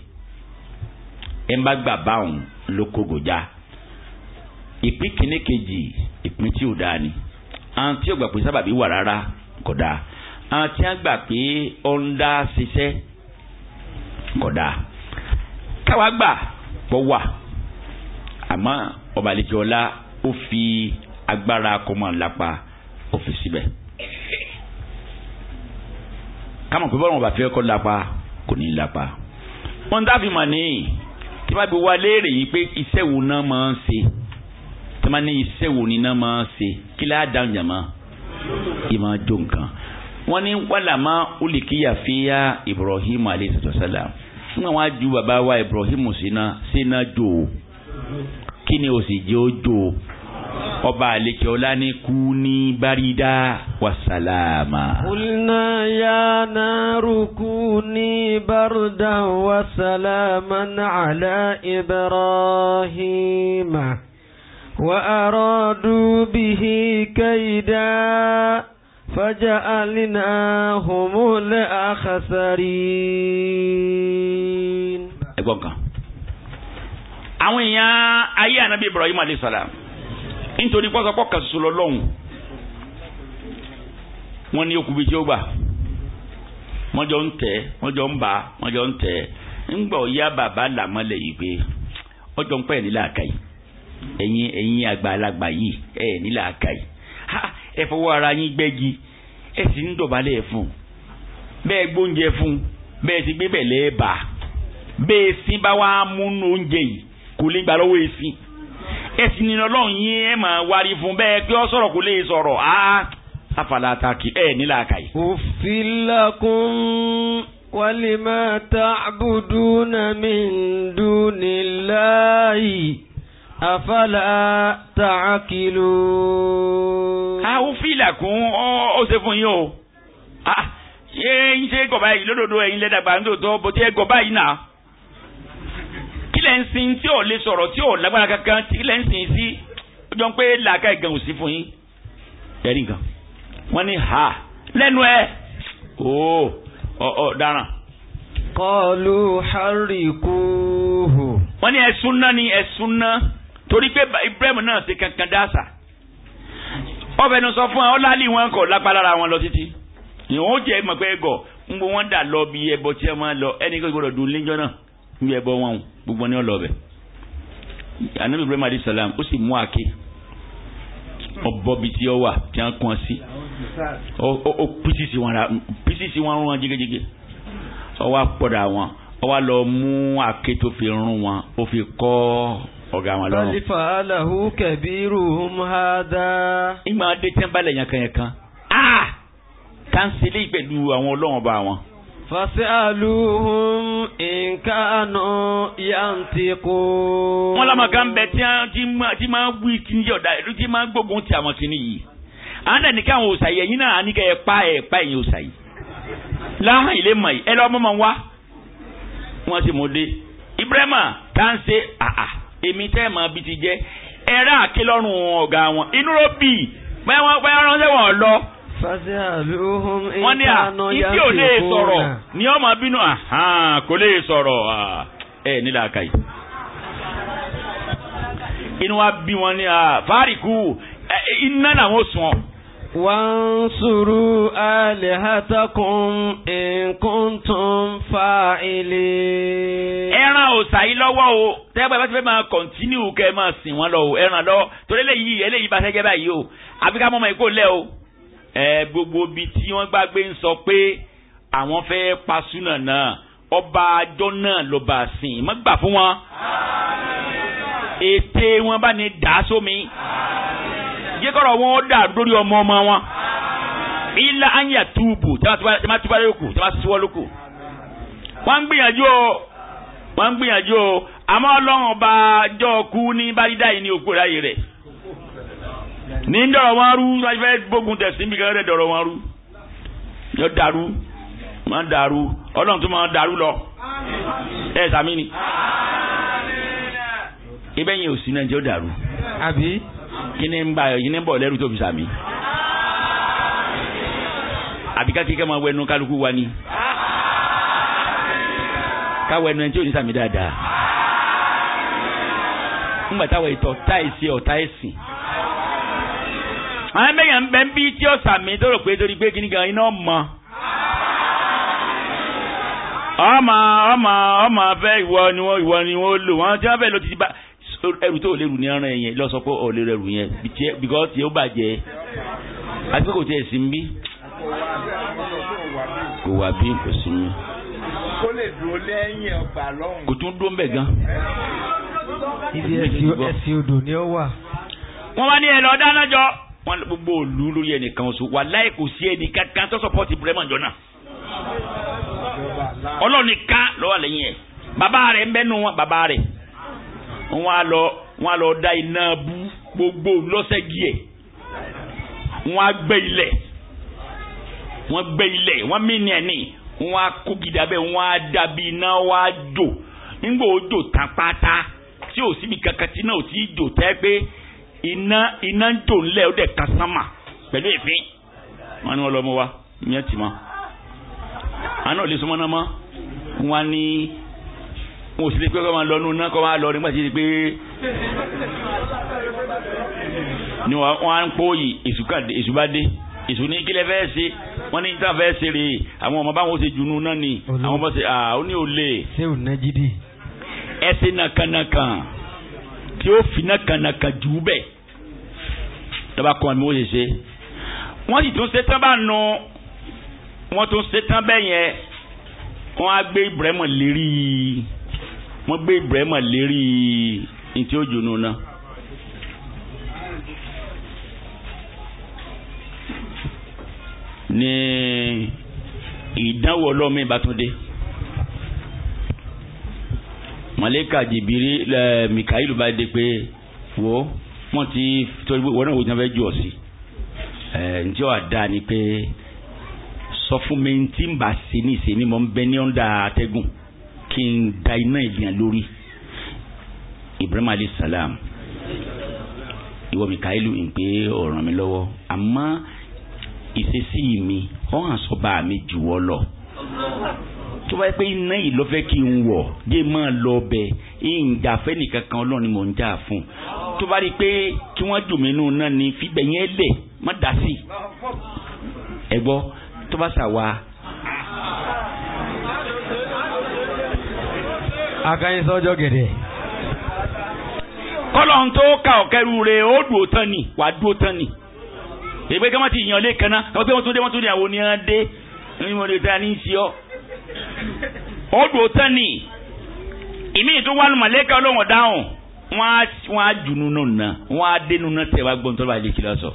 ẹ má gbà báwọn ló kógojá ìpín kìíní kejì ìpín tí ò dáa ni àwọn tí ò gbà pé sábàbí wà rárá kò dáa àwọn tí a gbà pé ó ń dá ṣiṣẹ́ kọ̀dá káwa gbà pọ̀ wà àmọ́ ọba àlejò ọlá ó fi agbára kọmọ lápá ó fi síbẹ̀ kámọ̀ pé bọ́lá wọn bá fẹ́ kọ́ lápá kò ní lápá wọn tá a fi mọ̀ nìyí tí wọ́n á fi léèrè yìí pé iṣẹ́ wo náà máa ń ṣe tí wọ́n ní iṣẹ́ wo ni náà máa ń ṣe kí láà dáhùn jàmọ́ ìmọ̀ jó nǹkan wọ́n ní wàlámà olùkíyàfíà Ibrahim alayhi sallam tí wọ́n á ju bàbá wa Ibrahim sínú sínú jò ó kí ni ó sì jẹ́ ó jò ó ọba àlekè ọlá ní kú ní bárídá wasalama. kulna ya naru kú ní bárídá wasalama ala Ibrahima wa aradu bihi kaida. فجعلناهم alina ẹ̀gbọ́n kan àwọn èèyàn ayé ànábì Ibrahim alayhi salam nítorí pọ́sọ́pọ́ kan ṣoṣo lọ lọ́hùn wọ́n ní okùn bíi tí ó gbà wọ́n jọ ń tẹ̀ wọ́n jọ ń bà wọ́n jọ ń tẹ̀ ńgbọ̀ ya bàbá làmọ́lẹ̀ yìí pé ọjọ́ ẹ fọwọ́ ara yín gbẹ́gi ẹ sì ń dọ̀bálẹ̀ fún un bẹ́ẹ̀ gbóúnjẹ fún un bẹ́ẹ̀ ti gbé bẹ̀lẹ́ bẹ́ẹ̀ sin bá wàá múnú oúnjẹ yìí kò lè gbà lọ́wọ́ èsì ẹ sì ní ọlọ́run yín ẹ máa wárí fún bẹ́ẹ̀ pé ọ sọ̀rọ̀ kò lè sọ̀rọ̀ áá afala ataki ẹ nílà àkàyè. uffil lakum walima ta'buduna àfàlà tààkìlù. àwọn fìlà kún ó ṣe fún yín o ṣé ń ṣe gọba yìí lódodo ẹ̀yin lẹ́dàgbà ń dòdò bó ti ẹ e gọba yìí nà. kí lẹ́ ń sin tí ò lè sọ̀rọ̀ tí ò lágbára kankan kí lẹ́ ń sin sí ó jọ pé làákà ìgàn ò sí fún yín. ẹ̀rí nǹkan wọ́n ní ha lẹ́nu ẹ̀ ó ọ̀ ọ̀ dáràn. kọlu hariku. wọ́n ní ẹ̀sùn náà ni ẹ̀sùn náà torí pé Ibrahim náà ṣe kankan dáàsà ọbẹ̀ ní sọ fún wa ọlá àlì wọn kọ̀ lápá lára wọn lọ títí ìwọ̀n ó jẹ́ mọ̀ pé gọ̀ ń bọ wọn dà lọ bí ẹbọ tí ẹ máa lọ ẹnì kan gbọdọ̀ dùn léjọ́ náà bí ẹbọ wọn gbogbo ní ọlọ́ọ̀bẹ̀ anabi Ibrahim Adi salam ó sì mú àáké ọbọ bi tí ọ wà tí wọn kàn sí ó pisi si ra písìsì wọn rún wọn jégéjégé ọwọ́ àpọ̀dà wọn ọwọ́ lọ mú àáké tó fi rún wọn ó fi kọ́ ọ̀gá wọn lọ́rùn. bali fàálàhù kabiruhum hada. ìgbà wọn dé tẹ́ńbàlẹ̀ yẹn kan yẹn kan kánsílì ah! pẹ̀lú àwọn ọlọ́wọ́n bá wọn. fasaluhum in kanu yantiqu. wọ́n lámà kan bẹ tí máa wí kí n yọ̀ dá ẹ̀rú tí máa gbógun ti àwọn kìíní yìí anda nìkan àwọn òòsà yìí ẹ̀yin náà àníkẹ́ ẹ̀ pa ẹ̀ pa ẹ̀yin òòsà yìí láhàn ilé mọ̀ yìí ẹ lọ́ mọ́ mọ́ wá wọ́n ti mú dé Ibrahima tá à èmi tẹ́ mọ̀ bí ti jẹ́ ẹ̀rá àkélọ́rùn ọ̀gá wọn inú ló bì í báyọ̀ wọn báyọ̀ ránṣẹ́ wọn lọ. wọ́n ní à ìdí ò lè sọ̀rọ̀ ni ọmọ bínú kò lè sọ̀rọ̀ ẹ̀ nílà àkàyè. inú wa bí wọn ní fáríkù iná làwọn sùn ọ́. وانصروا آلهتكم إن كنتم فاعلين. ẹ ràn òòsà lọ́wọ́ o tẹ́gbẹ́ bá ti fẹ́ máa kọ̀ntínú kẹ́ ẹ máa sìn wọ́n lọ o ẹ ràn lọ́wọ́ torí eléyìí eléyìí bá sẹ́jẹ́ báyìí o àbí ká mọ́ ọmọ ìkó lẹ̀ o. ẹ gbogbo ibi tí wọ́n gbàgbé ń sọ pé àwọn fẹ́ pa náà ọba àjọ náà ló bá sìn mọ́ gbà fún wọn. ète wọn bá ní dàá jẹ́ kọ́rọ̀ wọn ó dà lórí ọmọ ọmọ wọn ilà anya túbù tuba wọ́n ti bá lóko tí wọ́n ti wọ́ lóko. wọ́n ń gbìyànjú o wọ́n ń gbìyànjú o àmọ́ ọlọ́run bá jọ kú ní bájídá yìí ní òkú ìráyè rẹ̀ ní dọ̀rọ̀ wọn rú wọ́n fẹ́ gbógun tẹ̀sí níbi kan rẹ̀ dọ̀rọ̀ wọn rú yóò dàrú máa dàrú ọlọ́run tó máa dàrú lọ ẹ̀ sàmì ni ibẹ̀ yẹn ò sí náà jẹ́ ó dàrú kíni ń bá kíni ń bọ̀ lẹ́rù tó fi sàmì. àbí ká kíkẹ́ máa wẹnu kálukú wa ni. ká wẹnu ẹni tí ò ní sàmì dáadáa. ńgbà táwọn ìtọ̀ táìsì ọ̀tá ẹ̀sìn. àwọn ẹgbẹ́yàn bẹ́ẹ̀ ń bí tí ó sàmì tó rò pé torí pé kíní gan iná mọ́. ọmọ ọmọ ọmọ fẹ́ ìwọ ni wọ́n ìwọ ni wọ́n lò wọ́n tí wọ́n fẹ́ lò títí bá. ẹrù tó lérù ní ọ̀ràn yẹn lọ sọ pé because ó bàjẹ́ àti kò tiẹ̀ sí mi kò wà bí kò sí mi. kó lè dúró lẹ́yìn ọgbà lọ́hùn. kò tún dúró ń bẹ̀ gan. ni ó wà. wọ́n wá ní dáná jọ gbogbo òlu lórí ẹnìkan oṣù kò jọ náà ọlọ́ọ̀nì lọ́wọ́ lẹ́yìn ẹ̀ bàbá rẹ̀ ń bẹ́nu wọ́n á lọ wọ́n á lọ da iná bú gbogbo lọ́sẹ̀gì ẹ̀ wọ́n á gbẹ́ ilẹ̀ wọ́n gbẹ́ ilẹ̀ wọ́n mí ni ẹ̀ ní wọ́n á kó gidi abẹ́ wọ́n á dàbí iná wọ́n á jò nígbà ó jò tán pátá tí ò síbi kankan tí náà ò tí jò tẹ́ pé iná iná jò ńlẹ̀ ó dẹ̀ kan sánmà pẹ̀lú èéfín wọ́n ní wọ́n lọ́ mọ́ wa ìyẹn tì mọ́ àná ò lè náà mọ́ wọ́n á n ò sì lè pé kọ́ máa lọ nínú náà kọ́ máa lọ nígbà tí ó di pé ni wọ́n á ń pò yìí èṣù bá dé èṣù ní kílẹ̀ fẹ́ ṣe wọ́n ní tá fẹ́ ṣe rè àwọn ọmọ báwọn ṣe junú náà ni àwọn ọmọ ṣe àwọn ní olè. ṣé ò ná jídì. ẹ ṣe nàkànàkàn tí ó fi nàkànàkàn jù bẹ́ẹ̀ lọ́ba kọ́ mi ó ṣe ṣe wọ́n sì tún ṣe bá nu wọ́n tún ṣe bẹ́ẹ̀ yẹn wọ́n á gbé Ibrahim lérí wọ́n gbé Ibrahim lérí ntí ó jóná náà. ní ìdánwò ọlọ́mọ ìbátúndé màlẹ́kà jìbìrì ẹ̀ Mikaelu bá dé pé wò ó wọ́n ti torí wọ́n náà wò ó fẹ́ jù ọ́ sí ẹ̀ ǹjẹ́ wàá dáa ni pé sọ fún mi tí n bá ṣe ní ìṣe mo ń bẹ ní ọ̀ndà atẹ́gùn ṣe ń da iná ìyàn lórí Ibrahim alayhi salam ìwọ mikaelu ń pé ọ̀ràn mi lọ́wọ́ àmọ́ ìṣesí mi ọ̀n àsọ̀bà mi jù ọ́ lọ tó bá yẹ pé iná yìí ló fẹ́ kí n wọ̀ dé máa lọ bẹ ìjà fẹ́nìkan kan ọlọ́run ni mò ń jà fún tó bá rí i pé kí wọ́n jù mí nù náà ni fíbẹ̀ yẹn lẹ̀ má dá sí ẹ gbọ́ tó bá sà akáyín sọ́jọ́ gẹ̀dẹ̀. kọ́lọ́n tó ka ọ̀kẹ́rù rẹ̀ ó dùn ó tán ni wà dùn tán ni. èpè kí wọ́n ti yàn lé kaná kí wọ́n pé wọ́n dé wọ́n tún dé àwọn oníyan dé ní mo lè ta ní ìsì ọ́. ó dùn ó tán ni. ìmí tó wà lùmọ̀lẹ́kẹ́ ọlọ́wọ̀n dáhùn wọ́n á jù nínú náà wọ́n á dé nínú náà tẹ̀ wá gbọ́n tó bá yẹ kí lọ sọ.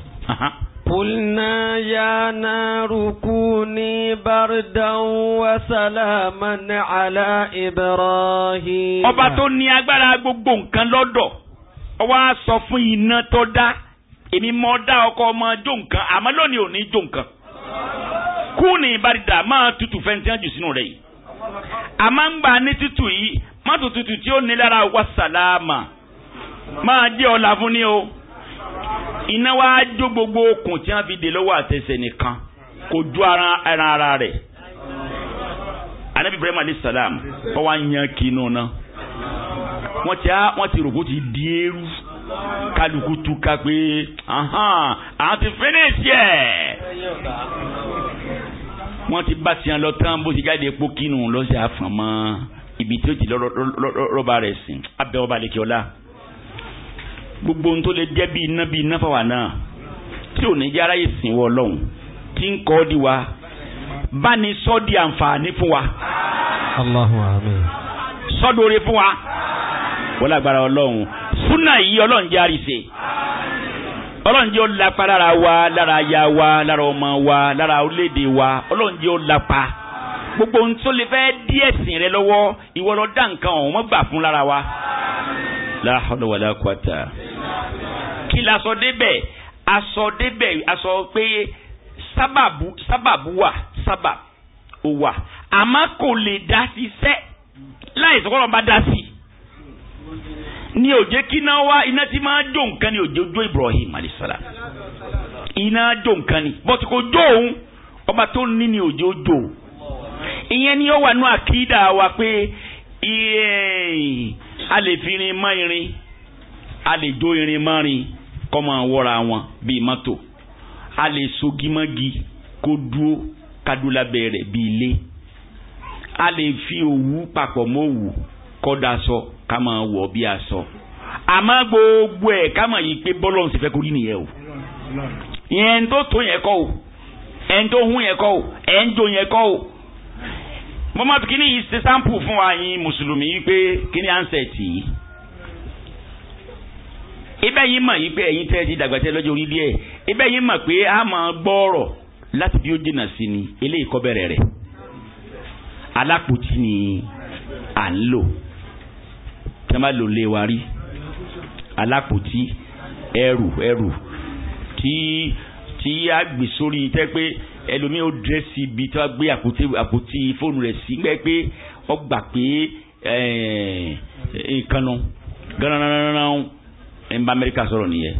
قلنا يا نار كوني بردا وسلاما على إبراهيم ọba tó ní agbára gbogbo nǹkan lọ́dọ̀ ó wá sọ fún iná tó dá èmi mọ́ dá ọkọ ọmọ jó nǹkan àmọ́ lónìí ò ní jó nǹkan kúùnì ìbáridà máa tutù fẹ́ntì hàn jù sínú rẹ̀ yìí àmọ́ ń gbà ní tutù yìí má tutù tí ó ní lára wàsálàmà máa jẹ́ ọ̀làfún ni o iná wa jó gbogbo okùn tí wọ́n fi dè lọ́wọ́ àtẹsẹ̀ nìkan kò ju ara ẹran ara rẹ̀ anabi ibrahim alayhi salam wọ́n wá yan kinu náà wọ́n ti wọ́n ti rògbò ti di eérú tu túká pé àwọn ti finish ẹ̀ wọ́n ti bá tiẹ̀ lọ tán bó ti jáde epo kinu lọ́sẹ̀ àfọ̀mọ́ ibi tí ó ti lọ́ba rẹ̀ sìn abẹ́ ọba lẹ́kẹ́ ọlá gbogbo ohun tó lè jẹ́ bí iná bí iná fáwa náà tí ò ní jẹ́ aráyè sìn wọ ọlọ́run tí ń kọ́ di wa bá ní sọ di àǹfààní fún wa. Allahu amin. sọ́dọ̀ọ́rẹ́ fún wa. wọ́n agbára ọlọ́run súnà yìí ọlọ́run jẹ́ àrìsè. ọlọ́run jẹ́ ó lapa lára wa lára aya wa lára ọmọ wa lára orílẹ̀-èdè wa ọlọ́run jẹ́ ó gbogbo ohun lè fẹ́ dí ẹ̀sìn rẹ lọ́wọ́ ìwọ lọ dá nǹkan ọ̀hún mọ́ gbà fún lára wa. la hawla wala quwata kí la sọ débẹ̀ a sọ débẹ̀ a sọ pé sábàbù sábàbù wà sábà ò wà àmọ́ kò lè dá sí sẹ́ láì sọ́kọ́lọ́ bá dá sí ní òjé kí wá iná tí máa jó nǹkan ni òjé ojú Ibrahim alisala iná jó nǹkan ni bọ́tí kò jó òun ọba tó ní ni òjé ojú ìyẹn ni ó wà nú àkídà wa pé a lè fi irin mọ́ irin a lè jó irin mọ́rin kọ́ máa wọ́ra wọn bíi mọ́tò a lè sogimọ́gi kó dúró kadúlábẹ́ rẹ̀ bíi ilé a lè fi òwú papọ̀ mọ́ òwú kọ́dà sọ ká máa wọ̀ bí aṣọ àmọ́ gbogbo ẹ̀ ká máa yí pé bọ́lọ̀ ń sì fẹ́ kó rí nìyẹn o ìyẹn tó tó yẹn kọ́ o ẹn tó hun yẹn kọ́ o ẹn jó yẹn kọ́ o. mo máa fi kíní yìí ṣe sample fún wa yín mùsùlùmí pé kíní ansẹ̀tì yìí ibẹ̀ yìí mọ̀ yìí pé ẹ̀yin tẹ́ ti dàgbà tẹ́ lọ́jọ́ orí díẹ̀ ibẹ̀ yìí mọ̀ pé a máa gbọ́ọ̀rọ̀ láti bí ó dènà sí ni eléyìí kọ́ bẹ̀rẹ̀ rẹ̀ alápòtí ni à ń lò tí wọ́n bá lò lé wa rí alápòtí ẹrù ẹrù tí tí a gbè sórí tẹ́ pé ẹlòmíì ó dírẹ́sì ibi tí wọ́n gbé àpótí àpótí fóònù rẹ̀ sí gbẹ́ pé ó pé nǹkan nù gánà ń bá amẹ́ríkà sọ̀rọ̀ nìyẹn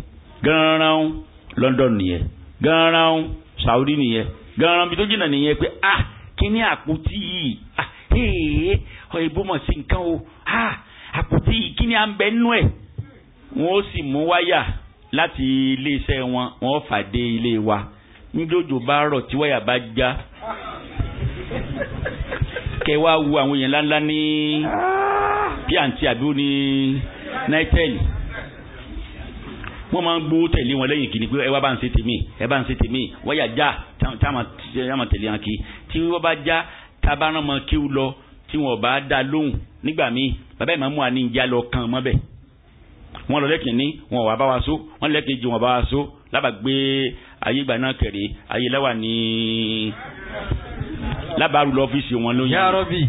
gánran london nìyẹn gánran saudi nìyẹn gánran bí na jìnnà nìyẹn pé ah kini akuti yìí ah hee ọ̀yẹ́bó mọ̀ sí nǹkan o ah akuti yìí kíní à ń bẹ́ nú ẹ̀ wọ́n ó sì mú wáyà láti iléeṣẹ́ wọn wọ́n fà dé ilé wa nídòjò bá rọ̀ tí wáyà bá já kẹ wá wo àwọn èèyàn ńláńlá ní pí àbí ó ní náítẹ́ẹ̀lì wọ́n máa ń gbowó tẹ̀lé wọn lẹ́yìn kìíní pé ẹ wá bá ń ṣe tèmi ẹ bá ń ṣe tèmi wáyà já táwọn tẹ̀lé wọn kí tí wọ́n bá já tabaran mọ kíw lọ tí wọn bá dá lóhùn nígbà míì bàbá ìmàmù wa ní ìjà lọ kàn mọ́ bẹ̀ wọ́n lọ lẹ́kìnní wọn wà bá wa so wọ́n lẹ́kìnní wọn bá wa so lábàgbé ayé ìgbà náà kẹrì ayé láwà ní lábàárù lọ́fíìsì wọn lóyún. yàrá bíi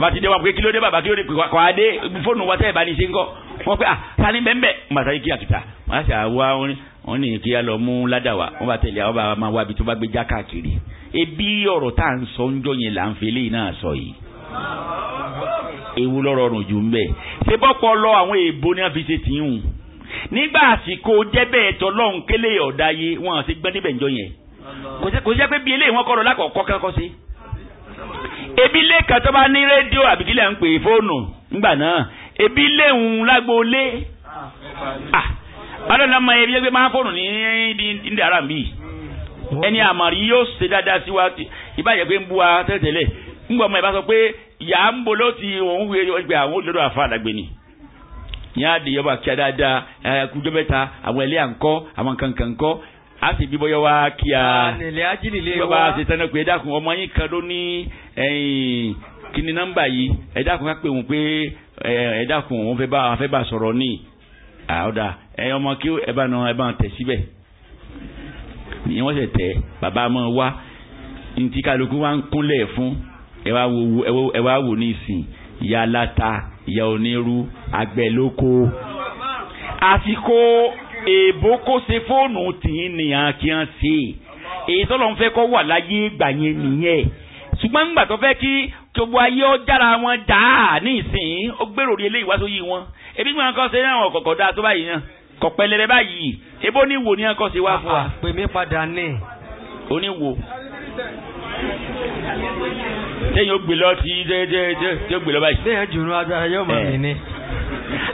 bàtí dé wa pé kí ló dé bàbá kí ló dé kọ́ adé fóònù wa tẹ́ ẹ̀ bá ní ṣe ń kọ́ wọ́n pé ah sani bẹ́ẹ̀ bàtà yìí kí àkìtà wọ́n á ṣe àwa wọn ní kí á lọ mú ládà wa wọ́n bá tẹ̀lé àwọn bàbá máa wá bi tó bá gbé já káàkiri ebi ọ̀rọ̀ tá à ń sọ ń jọ yẹn là ń fi eléyìí náà sọ yìí ewu lọ́rọ̀ rùn jù ń bẹ̀ ṣé bọ́pọ̀ lọ àwọn èèbó ní àfi ṣe tìhùn nígbà àsìkò jẹ́bẹ̀ ẹ̀tọ́ lọ́hùn kélé ọ̀dà yé wọn àti gbẹ́ níbẹ̀ ń jọ yẹn kò jẹ́ pé bí eléyìí wọn kọ́ lọ lákọ̀ọ́kọ́ kẹ́kọ́ sí ebi ilé kan tó bá ní rédíò àbí kílẹ̀ ń pè fóònù ńgbà náà ebi ilé ń lágbo lé bàdàn náà mọ ebi ẹgbẹ́ máa fóònù ní ní ara mi ẹni àmàrí yóò ṣe dáadáa sí wa ìbàjẹ́ pé ń bu wa tẹ́lẹ̀tẹ́lẹ̀ ńgbà ọmọ ìbá sọ pé ìyá ń bo ló òun wé ẹgbẹ́ àwọn olórí àfa àdàgbé ni ní àdìyẹ bá kí a dáadáa ẹ̀ẹ́dẹ́gbẹ̀ta àwọn ẹlẹ́yà ńkọ́ àwọn kankan ńkọ́ a sì bí bọ́yọ́ wá kí a bàbá ṣe tẹ́lẹ̀ pé ẹ dákun ọmọ yín kan ló ní kíni nọ́mbà yìí ẹ dákun ká pè wọ́n pé ẹ dákun wọ́n fẹ́ bá wọ́n fẹ́ bá sọ̀rọ̀ ní àọ́dà ẹ ọmọ kí ẹ bá nà ẹ bá tẹ̀ síbẹ̀ ni wọ́n ṣe tẹ̀ bàbá mọ́ wá ntí kálukú wá ń kúnlẹ̀ fún ẹ wá wò ẹ wá wò ní ìsìn ìyá aláta ìyá onírú àgbẹ̀ lóko àsìkò èèbó kó ṣe fóònù tìyín nìyàn kí wọ́n ṣe èyí tó lọ́n fẹ́ kọ́ wà láyé ìgbà yẹn nìyẹn ṣùgbọ́n ńgbà tó fẹ́ kí gbogbo ayé ọjàrà wọn dà á ní ìsìn ó gbèrò rí eléyìí wá sóyè wọn ebi gbọ́n kọ́ ṣe àwọn ọ̀kọ̀ọ̀kọ̀ dáa tó báyìí náà kọ̀ pẹlẹbẹ báyìí ebó ní wo ni wọn kọ́ ṣe wá fún wa. Ah, ah, pè mí padà ní. ó ní wo. sẹ́yìn ó gbé lọ sí jẹ́jẹ́jẹ́ tí ó gbé lọ báyìí. bẹ́ẹ̀ jùlọ agbára yóò mọ̀ eh. mí ni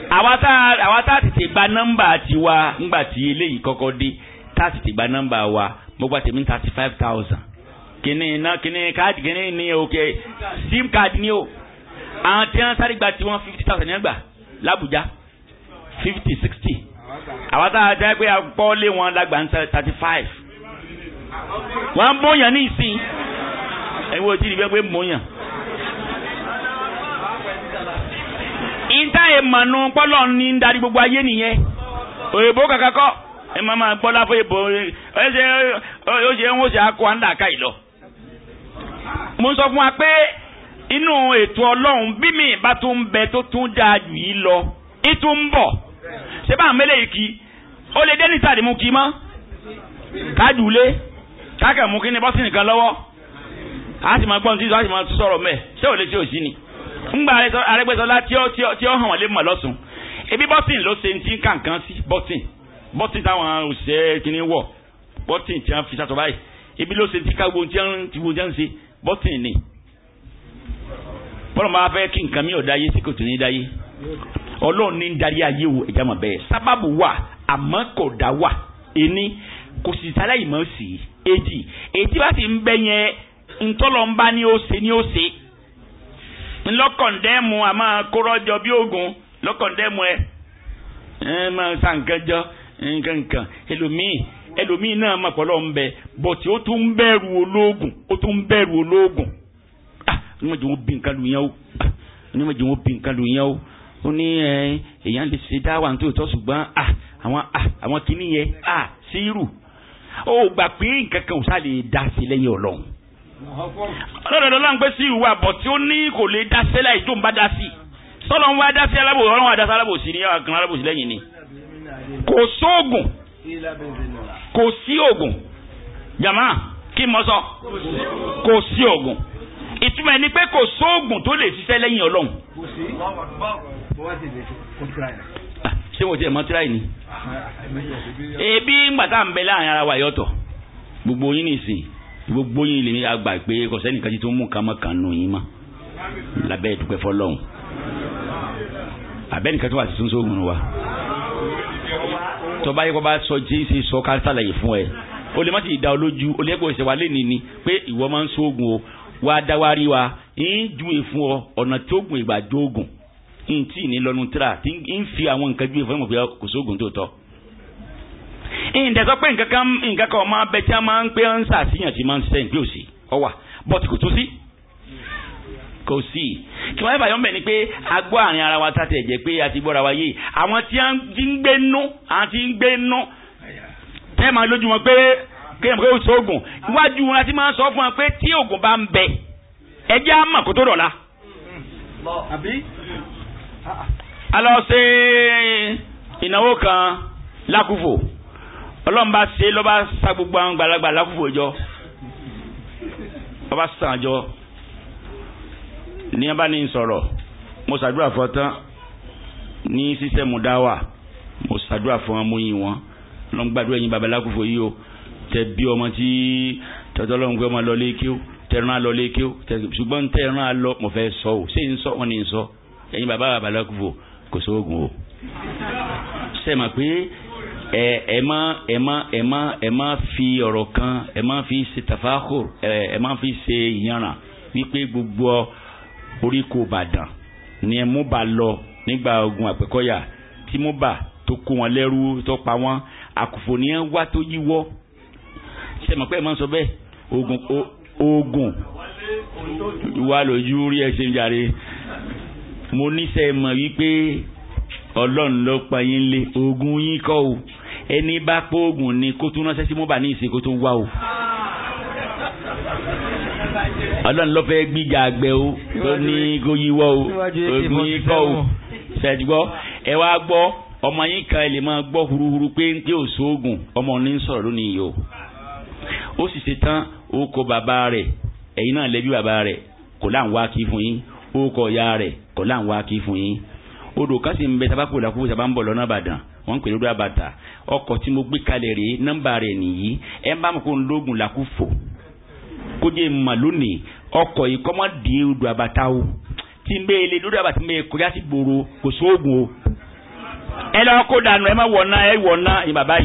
àwa tá àwa tá tètè gba nọ́mbà tiwa ńgbà tí eléyìí kọ́kọ́ dé tá tètè gba nọ́mbà wa mo gba tèmi thirty five thousand kìnìún iná kìnìún káàdì kìnìún ní òkè sim card ní o àwọn tí wọ́n sáré gba tiwọn fifty thousand ní ẹgbà làbújá fifty sixty àwa tá a jẹ́ pé akpọ́ lé wọn lágbà ń sẹ́ thirty five wọ́n á bóyá ní ìsìn ẹ̀wọ̀n tí ìdí bẹ́ẹ̀ pé bóyá. mọ̀nù pọ́lọ̀ ní ń darí gbogbo ayé nìyẹn òyìnbó kàkà kọ́ ẹ máa máa gbọ́ láfọ ìbò ẹ ṣe ń akọ ìlọ. sọ fún wa pé inú ètò ọlọ́run bí mi bá tún bẹ tó tún dáa jù yìí lọ ìtún ń bọ̀ ṣé bá kí lè dẹ́ni mú kí mọ́ mú kí ni bọ́sì nìkan lọ́wọ́ a sì a sì máa sọ̀rọ̀ ṣé ò lè ṣe ni. ńgbà Arẹ́gbẹ́ṣọlá tí ó hàn wọ́n lé mọ̀ lọ́sùn ebi bọ́tìn ló ṣe ti ń kàǹkan sí bọ́tìn bọ́tìn táwọn òṣìṣẹ́ kìíní wọ̀ bọ́tìn tí wọ́n fi sàtọ̀ báyìí ebi ló ṣe ti ká gbogbo tí wọ́n ń ṣe bọ́tìn ni bọ́lọ̀mọ́ afẹ́ kí nǹkan mi ò dáyé sí kò tún ní dáyé ọlọ́run ní darí ayé wo ẹ̀já mọ̀ bẹ́ẹ̀ sábàbù wà àmọ́ kò dá wà ẹni kò sì sálẹ̀ ìmọ̀ sí èjì èjì bá ti ń bẹ yẹn ntọ́lọ́mbá ni ó ṣe ni ó ṣe ńlọ́kọ̀ndẹ́mu àmọ́ kórọ́jọ bí oògùn lọ́kọ̀ndẹ́mu ẹ̀ ẹ̀ máa sa nǹkan jọ nǹkan nǹkan ẹlòmíì ẹlòmíì náà máa pọ̀ lọ́wọ́ ń bẹ bọ̀tì ó tún bẹ̀rù olóògùn ó tún bẹ̀rù olóògùn ah ní wọ́n jẹ́ wọ́n bí nǹkan lu yẹn o ah ní wọ́n jẹ́ wọ́n bí nǹkan lu yẹn o ó ní èèyàn lè ṣe dá wà ní ṣùgbọ́n ah àwọn ah àwọn kìíní yẹn ah síírù ó gbà pé nǹkan kan ò sá lè dá sí lẹ́yìn ọlọ́run ọlọ́dọ̀ lọ́la ń pẹ́ sí ìwà bọ̀ tí ó ní kò lè dá sẹ́lá ìjó ń bá dá sí sọ́lọ́ ń wá dá sí alábòsí ọlọ́run wá dá sí alábòsí ní àgàn alábòsí lẹ́yìn ni kò sóògùn kò sí òògùn jàmá kí mo sọ kò sí òògùn ìtumọ̀ ẹni pé kò sóògùn tó lè ṣiṣẹ́ lẹ́yìn ọlọ́run. ṣé wọ́n ti ẹ̀ mọ́ tíráì ni. ebi ń gbà ń bẹ láàrin ara wa yọ̀tọ̀ gbogbo yín nìsín gbogbo yín lèmi àgbà pé kọ̀sẹ́nì kan ti tún mú kàmọ́ kan nù yín mọ́ labẹ́ ìdúpẹ́ fọlọ́hún abẹ́nìkan tó wà sí sunsun òun wa tọba yẹ kó bá sọ jésì sọ ká sàlàyé fún ẹ o lè má ti da olójú o lè kó ẹsẹ̀ wa lé nìní pé ìwọ máa ń sóògùn o wá dáwárí wa ń ju ìfún ọ ọ̀nà tí ó ìgbà jó ń tì ní lọ́nu tíra ń fi àwọn nǹkan ju ìfún ẹ̀ mọ̀ pé tó tọ́ ìdẹ́sọ́ pé nǹkan kan nǹkan kan ọmọ abẹ tí a máa ń pé ń sàṣìyàn tí máa ń ṣiṣẹ́ ìgbé òsì ọwà bọ́ọ̀tì kò tó sí kò sí kí wọ́n fàyọ́ mẹ́ni pé a àárín ara wa tá tẹ̀ jẹ́ pé a ti gbọ́ra wa yé àwọn tí a ti ń gbé nú àwọn ti ń gbé nú tẹ́ máa lójú wọn pé kéèyàn pé ó sọ oògùn iwájú wọn ti máa sọ fún wọn pé tí oògùn bá ń bẹ ẹ á mọ̀ kó tó dọ̀la. a lọ ṣe ìnáwó kan lákùfò ọlọ́run bá ṣe lọ́ba sa gbogbo àwọn gbalagbà lákòókò jọ ọba sàn jọ ní abá ní sọ̀rọ̀ mo ṣàdúrà fún ọ tán ní sísẹ́mù dáwà mo ṣàdúrà fún ọmọ yìí wọn lọ́n gbàdúrà yín baba lákòókò yìí o tẹ bí ọmọ tí tọ́tọ́ lọ́run pé ọmọ lọ lé kí o tẹ̀ràn lọ lé kí o ṣùgbọ́n tẹ̀ràn lọ mo fẹ́ sọ o ṣé n sọ wọn ni n sọ ẹ̀yin baba baba kò sóògùn o sẹ́ẹ̀ mà pé ẹ ẹ má ẹ má ẹ má ẹ má fi ọ̀rọ̀ kan ẹ má fi se tafahur ẹ ẹ má fi ṣe ìyanra wípé gbogbo oríko Ìbàdàn ni ẹ mú bá lọ nígbà ogun àpẹkọyà tí mú bá tó kó wọn lẹ́rú tó pa wọn àkùfò ní ẹ wá tó yíwọ́ sẹ́mi pé ẹ má sọ bẹ́ẹ̀ ogun ogun wà lójú rí ẹ ṣe ń jàre mo níṣẹ́ wípé ọlọ́run ló pa yín lé ogun yín kọ́ o ẹni bá pòògùn ni kó tún ránṣẹ́ sí mọ́bà ní ìsìn kó tó wá o. ọlọ́run ló fẹ́ gbígbà o tó ní kó o tó ní kọ́ o ẹ wá gbọ́ ọmọ yín kan ẹ lè máa gbọ́ huruhuru pé ń ọmọ ní sọ̀rọ̀ lónìí o ó sì ṣe tán ó kọ bàbá rẹ̀ ẹ̀yin náà lẹ́bí bàbá rẹ̀ kò láǹ kí kọ ìyá rẹ̀ kò kí fún yín odò wọn kò pè lórí àbàtà ọkọ̀ tí mo gbé kalẹ̀ rèé nọ́mbà nìyí ẹ bá mi kó lóògùn làkú fò kó jẹ́ mà lónìí ọkọ̀ yìí kọ́ mọ́ di odò àbàtà o tí n bẹ́ẹ̀ lé lórí àbàtà mi kọjá sí gbòòrò kò o ẹ kó dànù ẹ má ẹ ẹ bàbá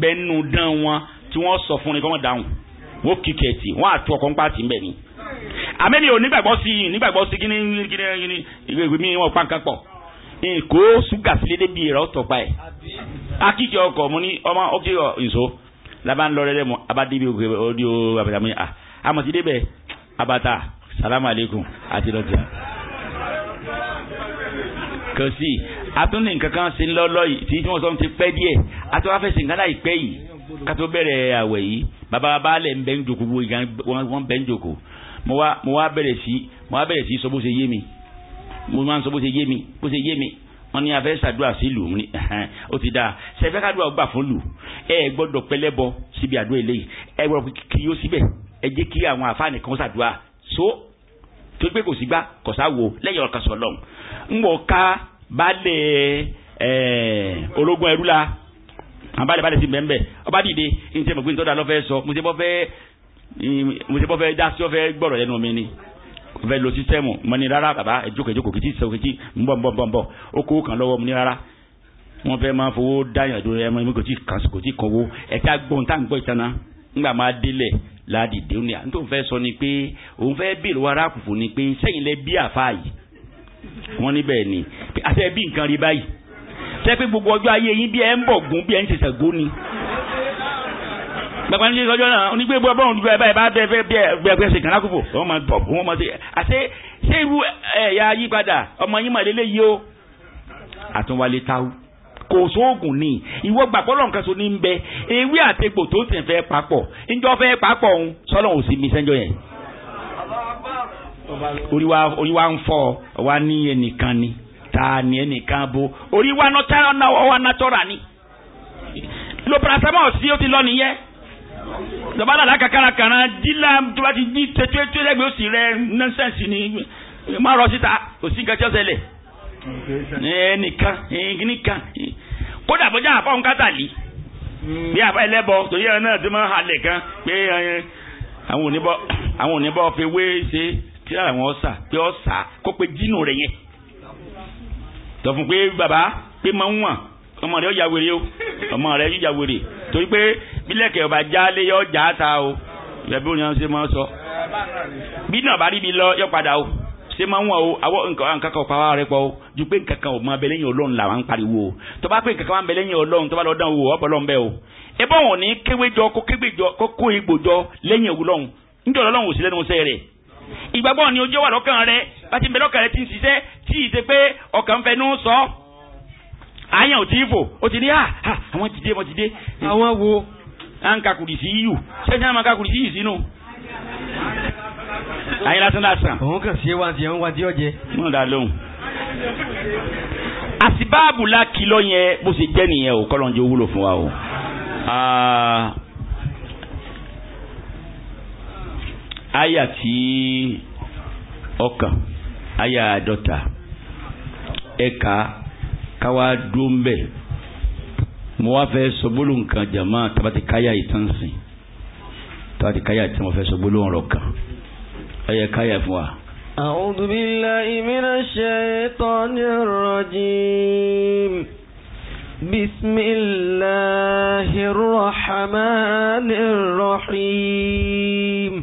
yìí tẹ sọ fún ni kọ́ wọ́n kíkẹ́ẹ̀tì wọ́n àti ọkọ̀ ń pàtì ń bẹ̀ ni. àmẹ́mi ò nígbàgbọ́ sí i nígbàgbọ́ sí kíní kíní kíní ìwé mi wọ́n pa nǹkan pọ̀ kó ṣúgà sílé débi ìrà ọ̀tọ̀ pa ẹ̀. akíkẹ́ ọkọ̀ mo ní ọmọ ókè ìṣó làbá ń lọ rẹ́rẹ́ mu abádébí ọdí o àbàtà mi à àmọ̀tí débẹ̀ àbàtà salamu aleykum àti lọ́jà. kò sí àtúndì nǹkan kan ṣe ń lọ́lọ́ yìí tí wọ́n sọ ti pẹ́ díẹ̀ àti wọ́n á fẹ́ sìn kálá ìpẹ́ kátó bẹ̀rẹ̀ àwẹ̀ yìí bàbá baálẹ̀ ń bẹ ń jòkó wọ́n bẹ ń jòkó mo wá mo wá bẹ̀rẹ̀ sí mo wá bẹ̀rẹ̀ sí sọ bó ṣe yé mi mo máa ń sọ bó ṣe yé mi bó ṣe yé mi wọ́n ní afẹ́ ṣàdúrà sí lù ní ó ti dáa ṣẹfẹ́ kádùá gbà fún lù ẹ gbọ́dọ̀ pẹlẹ́bọ síbi àdúrà eléyìí ẹ gbọ́dọ̀ kí ó síbẹ̀ ẹ jẹ́ kí àwọn àfáàní kan ṣàdúrà so tó pé kò sí gbá kò sáwo lẹ́yìn ọ̀kan sọ̀ lọ́hùn ń wọ̀ ká baálẹ̀ ológun ẹrú la àwọn baálẹ̀ baálẹ̀ ti bẹ́ẹ̀ bẹ́ẹ̀ bá dìde ní tẹ́ mọ̀ pé ní tọ́da lọ́fẹ́ sọ mo ṣe bọ́ fẹ́ mo ṣe bọ́ fẹ́ dá sí ọ́fẹ́ gbọ́rọ̀ lẹ́nu mi ni mo fẹ́ lo sísẹ́mù mo ní rárá bàbá ẹ̀jókòó ẹ̀jókòó kìtì sọ kìtì nbọ̀ nbọ̀ nbọ̀ nbọ̀ ó kó kàn lọ́wọ́ mo ní rárá wọ́n fẹ́ máa fowó dáyàn dúró ẹ̀mọ́ ẹ̀mí kò tí kàn kò tí kàn owó ẹ̀ka gbọ́n tá à ń gbọ́ ìtàn ńgbà máa délẹ̀ ládìdé ní à ń fẹ́ sọ ni pé òun fẹ́ bèrè wa arákùnfò ni pé sẹ́yìn lẹ bí àfa yìí wọ́n níbẹ̀ ni àti ẹ bí nǹkan rí báyìí sẹ́ pé gbogbo ọjọ́ ayé yín bí ẹ ń bọ̀ gún bí ẹ ń ṣẹ̀ṣẹ̀ gún ni gbàgbọ́n ní ọjọ́ náà onígbégbé ọlọ́run gbé ẹ̀bá ẹ̀bá bẹ́ẹ̀ bẹ́ẹ̀ bẹ́ẹ̀ bẹ́ẹ̀ sèkàn lákòókò wọ́n máa bọ̀ wọ́n máa ṣe àṣẹ ṣé irú ẹ̀yà yípadà ọmọ yín màlẹ́ lé yìí o àtúnwálé táwù kò sóògùn ni ìwọ gbàgbọ́ lọ́n so ní bẹ ewé àtegbò tó sì fẹ́ papọ̀ níjọ́ fẹ́ papọ̀ òun sọ́lọ́ ò mi sẹ́njọ́ yẹn. orí wa ń fọ wa ní ẹnìkan ni ta ni ẹnìkan bo orí wa náà tọ́ra ni. lo paracetamol sí ó ti lọ nìyẹn ìjọba dàda kàkàrà kàrà dílà tó bá ti ní tètè lẹ́gbẹ̀ẹ́ òsì rẹ nọ́sẹ̀nsì ni má rọ síta kò sí nǹkan tí ó ṣẹlẹ̀ ẹnìkan ẹnìkan kódà bójá àfọ̀n kátàlí bí àfọ̀ ẹlẹ́bọ torí ẹ̀rọ náà tó máa ń halẹ̀ kan pé àwọn oníbọ̀ àwọn oníbọ̀ fi wé ṣe tí àwọn ọ̀sà pé ọ̀sà kó pe jínú rẹ̀ yẹn tọ̀ fún pé bàbá pé máa ń ọmọ rẹ yóò ya wèrè o ọmọ rẹ yóò ya wèrè torí pé bílẹ̀kẹ̀ ọba já lé yọ já ta o ìbẹ̀bí òun yẹn ṣe máa sọ bí náà bá rí mi lọ yọ padà o ṣe máa ń wà o àwọ nǹkan kan ò pàwọ́ rẹ pọ̀ o ju pé nǹkan kan ò máa bẹ lẹ́yìn ọlọ́run làwọn ń pariwo o tó bá pé nǹkan kan máa ń bẹ lẹ́yìn ọlọ́run tó bá lọ dán o ọ̀pọ̀ lọ́n bẹ́ o ẹ bọ́ wọn ní kéwé kó kéwé kó kó egbò jọ lẹ́yìn ọlọ́run níjọ́ ọlọ́run ò sí lẹ́nu iṣẹ́ rẹ̀ ìgbàgbọ́ ni ojú wà lọ́kàn rẹ bá ti bẹ lọ́kàn rẹ ti ń ṣiṣẹ́ tí ì àyàn ò tí ì fò ó ti ní à ah, ah, àwọn ti dé wọ́n ti dé. àwọn wo. à ń kakùrì sí yù ṣé ṣé àwọn kakùrì sí yù sínú. ayé lásán lásán. òun kàn sí wa ti ẹ̀ ń wa mo dà lóhùn. àsìbáàbù la kìlọ̀ yẹn bó ṣe jẹ́ nìyẹn o kọ́lọ́njẹ́ wúlò fún wa o. àyà ah, tí ọkàn àyà àdọ́ta ẹ̀ka káwa dúró ń bẹ̀ mo wá fẹ́ sọ gbólóhùn kan jàmá tabati káyà ìtàn sìn tabati káyà tí mo fẹ́ sọ gbólóhùn ọ̀rọ̀ kan ẹ yẹ káyà fún wa. أعوذ بالله من الشيطان الرجيم بسم الله الرحمن الرحيم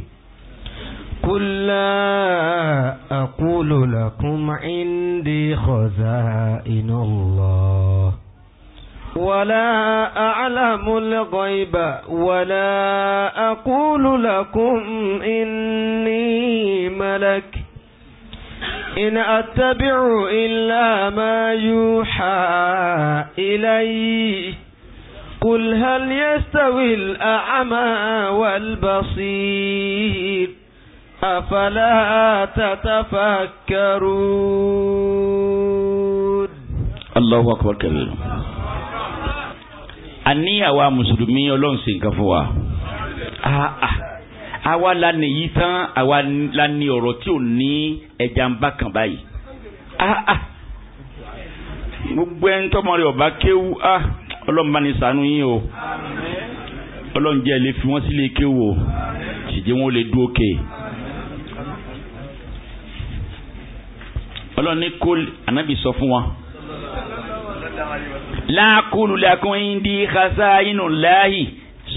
قل لا أقول لكم عندي خزائن الله ولا أعلم الغيب ولا أقول لكم إني ملك إن أتبع إلا ما يوحى إلي قل هل يستوي الأعمى والبصير أفلا تتفكرون الله أكبر كبير àní àwa mùsùlùmí ọlọ́run ṣe nǹkan fún wa àwa la ní yìí tán àwa la ní ọ̀rọ̀ tí ò ní ẹja ń bá kan báyìí gbogbo ẹni tọ́mọ rẹ̀ ọba kéwu ọlọ́run bá ní ṣàánú yín o ọlọ́run jẹ́ ilé fi wọ́n sílé kéwu o sì jẹ́ wọn lè dúró kéè. ọlọ́run ní kó ànábì sọ fún wọn. láàkúlù làkún indi kasa inú láàyè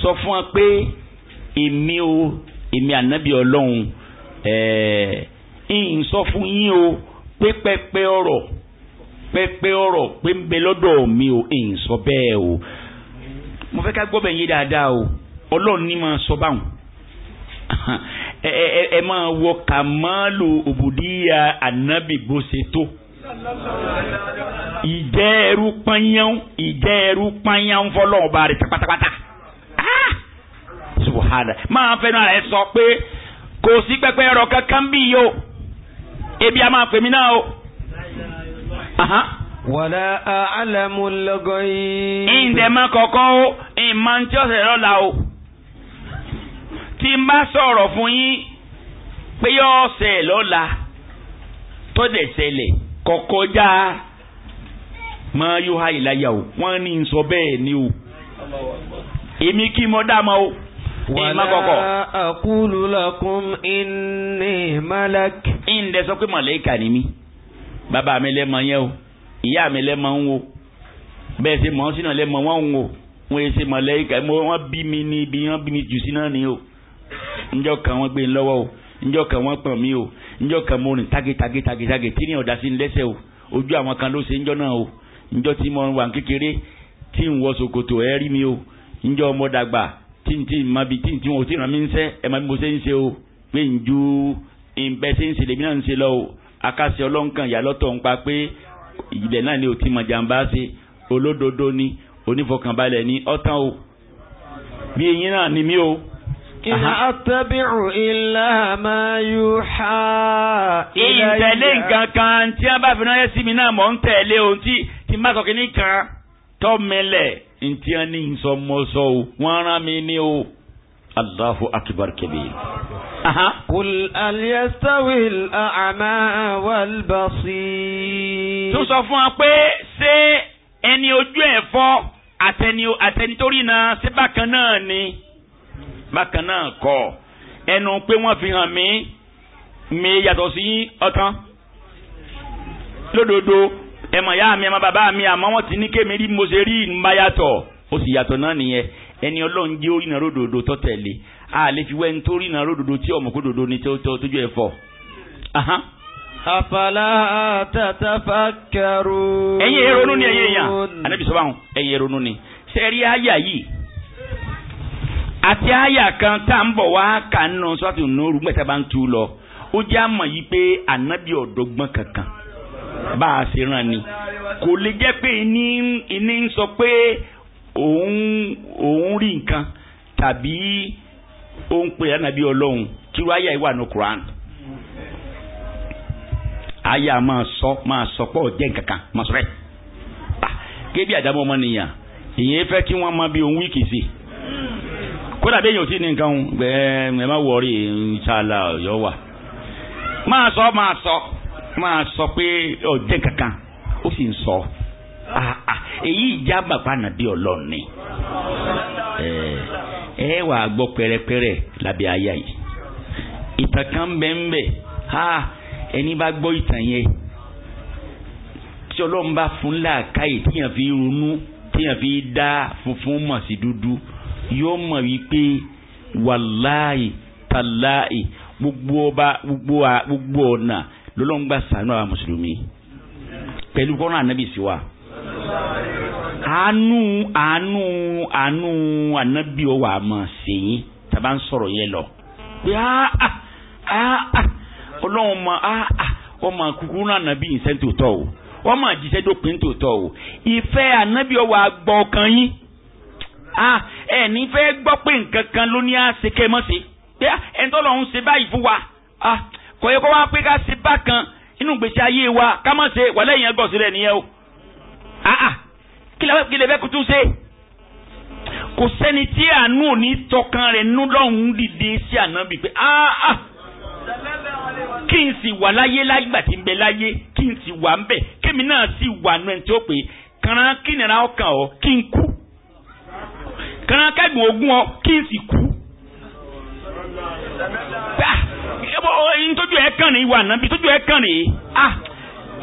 sọ fún wọn pé èmi o èmi ànábì ọlọ́run ẹ̀ẹ́n eh, sọ fún yín o pé pẹpẹ ọ̀rọ̀ pẹpẹ ọ̀rọ̀ pé ń bẹ lọ́dọ̀ mi o ẹ̀ẹ́n sọ bẹ́ẹ̀ o mo fẹ́ ká gbọ́ bẹ̀ yín dáadáa o ọlọ́run ní máa sọ báwọn ẹ máa wọ kàmáàlù òbòdìyà ànábì bó ṣe tó. ìjẹ́ ẹrú pányán ìjẹ́ ẹrú pányán fọlọ́wọ́n bá rẹ̀ pátápátá. Ah! subhana máa fẹ́ràn rẹ̀ sọ pé kò sí pẹ́pẹ́ ẹ̀rọ kankan bí yìí ebi a máa pèmí náà o. wàlá àlámù lọ́gọ́ yìí. ìǹdẹ̀mọ́ kọ̀ọ̀kan o ìmọ̀ ntí ọ̀sẹ̀ lọ́la o tí n bá sọ̀rọ̀ fún yín pé yóò ṣẹ lọ́la tó dẹ̀ ṣẹlẹ̀ kọ̀kọ́já máa yóò ha ìláyà o wọ́n ní sọ bẹ́ẹ̀ ni o èmi kí mo dá mọ́ o ìmọ̀ kọ̀kọ̀. wàlá àkúlù lakum inni malak. ìǹdẹ̀ sọ pé màlẹ́kà ni mí bàbá mi lẹ́mọ yẹn o ìyá mi lẹ́mọ ń wo bẹ́ẹ̀ ṣe mọ̀ ọ́n sínú lẹ́mọ wọ́n ń wo wọ́n ṣe màlẹ́kà wọ́n bí mi ní ibi wọ́n bí mi jù sí náà ni o njọ́ kan wọ́n gbé ń lọ́wọ́ o njọ́ kan wọ́n pọ̀n mí o njọ́ kan mo rìn tagitagitage tí ní ọ̀dà sí ń lẹ́sẹ̀ o ojú àwọn kan ló ṣe njọ́ náà o njọ́ tí mo wà kékeré tí ń wọ ṣòkòtò ẹ rí mi o njọ́ ọmọ dàgbà tí n ti ma bi tí n ti wọn ò tí ràn mí ń sẹ́ ẹ ma bí mo ṣe ń ṣe o pé n ju ìbẹ́ ṣe ń ṣe lèmi náà ń ṣe lọ o akásí ọlọ́nkàn yàlọ́tọ̀ ń pa pé ìjìnlẹ̀ náà ni ò ti mọ̀ jàǹbá ṣe olódodo ni onífọkànbalẹ̀ ni ọ̀tán o bí eyín náà ni mí o إن أتبع إلا ما يوحى إلي ìtẹ̀lé nǹkan kan tí a bá fi ránṣẹ́ sí mi náà mò ń tẹ̀lé ohun tí tí má sọ kìíní kan tọ́ mẹ́lẹ̀ ntí a ní nsọmọsọ o wọ́n rán mi ní o. Allahu akbar kabir. Qul hal yastawi wal-basir. Tó sọ fún wa pé ṣé ẹni ojú ẹ̀fọ́ àtẹni náà ṣé bákan náà ni bákan náà kọ́ ẹnu pé wọ́n fi hàn mí mi yàtọ̀ sí ọ̀tán lódodo ẹ mọ̀ ya mi ẹ mọ̀ bàbá mi àmọ́ wọ́n ti ní kémi rí mo ṣe rí ìmúba yàtọ̀ ó sì yàtọ̀ náà nìyẹn ẹni ọlọ́run jẹ́ orí ìnáró dòdò tó tẹ̀lé a lè fi wẹ́ni tó rí ìnáró dòdò tí ọmọ kó ni tó tójú ẹ̀ fọ́. àfàlà tatafakkaru. ẹ̀yin èrò nù ni ẹ̀yin èèyàn ànábì sọ́wọ́n ẹ̀yin èrò ni sẹ́rí àyà yìí àti àyà kan tá à ń bọ̀ wá kà nínú sọ́tún nóòrù gbẹ̀tẹ̀ bá ń tu lọ ó jẹ́ àmọ̀ yìí pé ànábì ọ̀dọ́gbọ́n kankan bá a ṣe ràn ni kò lè jẹ́ pé iní ń sọ pé òun òun rí nǹkan tàbí òun pè ànábì ọlọ́run kí wọ́n àyà ìwà ní Quran àyà máa sọ máa sọ pọ̀ jẹ́ nǹkan máa sọ bẹ́ẹ̀ kébí ah, àdámọ́ ọmọ nìyàn ìyẹn fẹ́ kí wọ́n máa bí òun wíìkì sí kódà bẹ́ẹ̀ yóò ti ní nǹkan ẹ má wọrí ìṣàlà ọ̀yọ́ wà. máa sọ máa sọ máa sọ pé ọ̀jẹ̀ kankan ó sì ń sọ ah, ah, èyí ìjà bàbá nàbí ọlọ́run ni ẹ wà gbọ́ pẹ́rẹ́pẹ́rẹ́ lábẹ́ àyà yìí ìtàn kan bẹ́ẹ̀ bẹ́ẹ̀ ah, ẹni bá gbọ́ ìtàn yẹn tí ọlọ́run bá fún làákàyè tíyàn fi ronú tíyàn fi dá funfun mọ̀ sí dúdú yóò mọ̀ wípé wàláì tàláì gbogbo ọba gbogbo gbogbo ọ̀nà lọ́lọ́ngbà sànú àwọn mùsùlùmí pẹ̀lú kọ́nà ànábì sí wa. àánú àánú àánú ànábì ọwà àmọ̀ sèyí tàbá ń sọ̀rọ̀ yẹn lọ. pé áá áá ọlọ́run mọ áá ọmọ kúkú náà ànábì ìṣẹ́ tòótọ́ o ọmọ àjíṣẹ́ dópin tòótọ́ o ìfẹ́ ànábì ọwà gbọ́ kan yín. Ah, ẹni fẹ́ gbọ́ pé nǹkan kan ló ní àṣekẹ́ mọ́ sí pé ah, ẹni tó lọ́hún ṣe báyìí fún wa ah, kò yẹ kó wá pé ká ṣe bákan inú gbèsè ayé wa ká má ṣe wà lẹ́yìn ẹgbọ́n sílẹ̀ nìyẹn o kí lè fẹ́ kutu ṣe kò sẹ́ni tí àánú òní tọkàn rẹ̀ nú lọ́hún dìde sí ànábì pé kí n sì wà láyé lágbà tí ń bẹ láyé kí n sì wà ń bẹ kémi náà sì wà nù ẹ̀ tí ó pè kàn án kí nira ọkàn ọ kí n kú. kàn kẹ́gbọ̀n ogún ọ kí n ntoju kú. E tójú ẹ kàn ní ìwà náà bí tójú ẹ e kàn ní.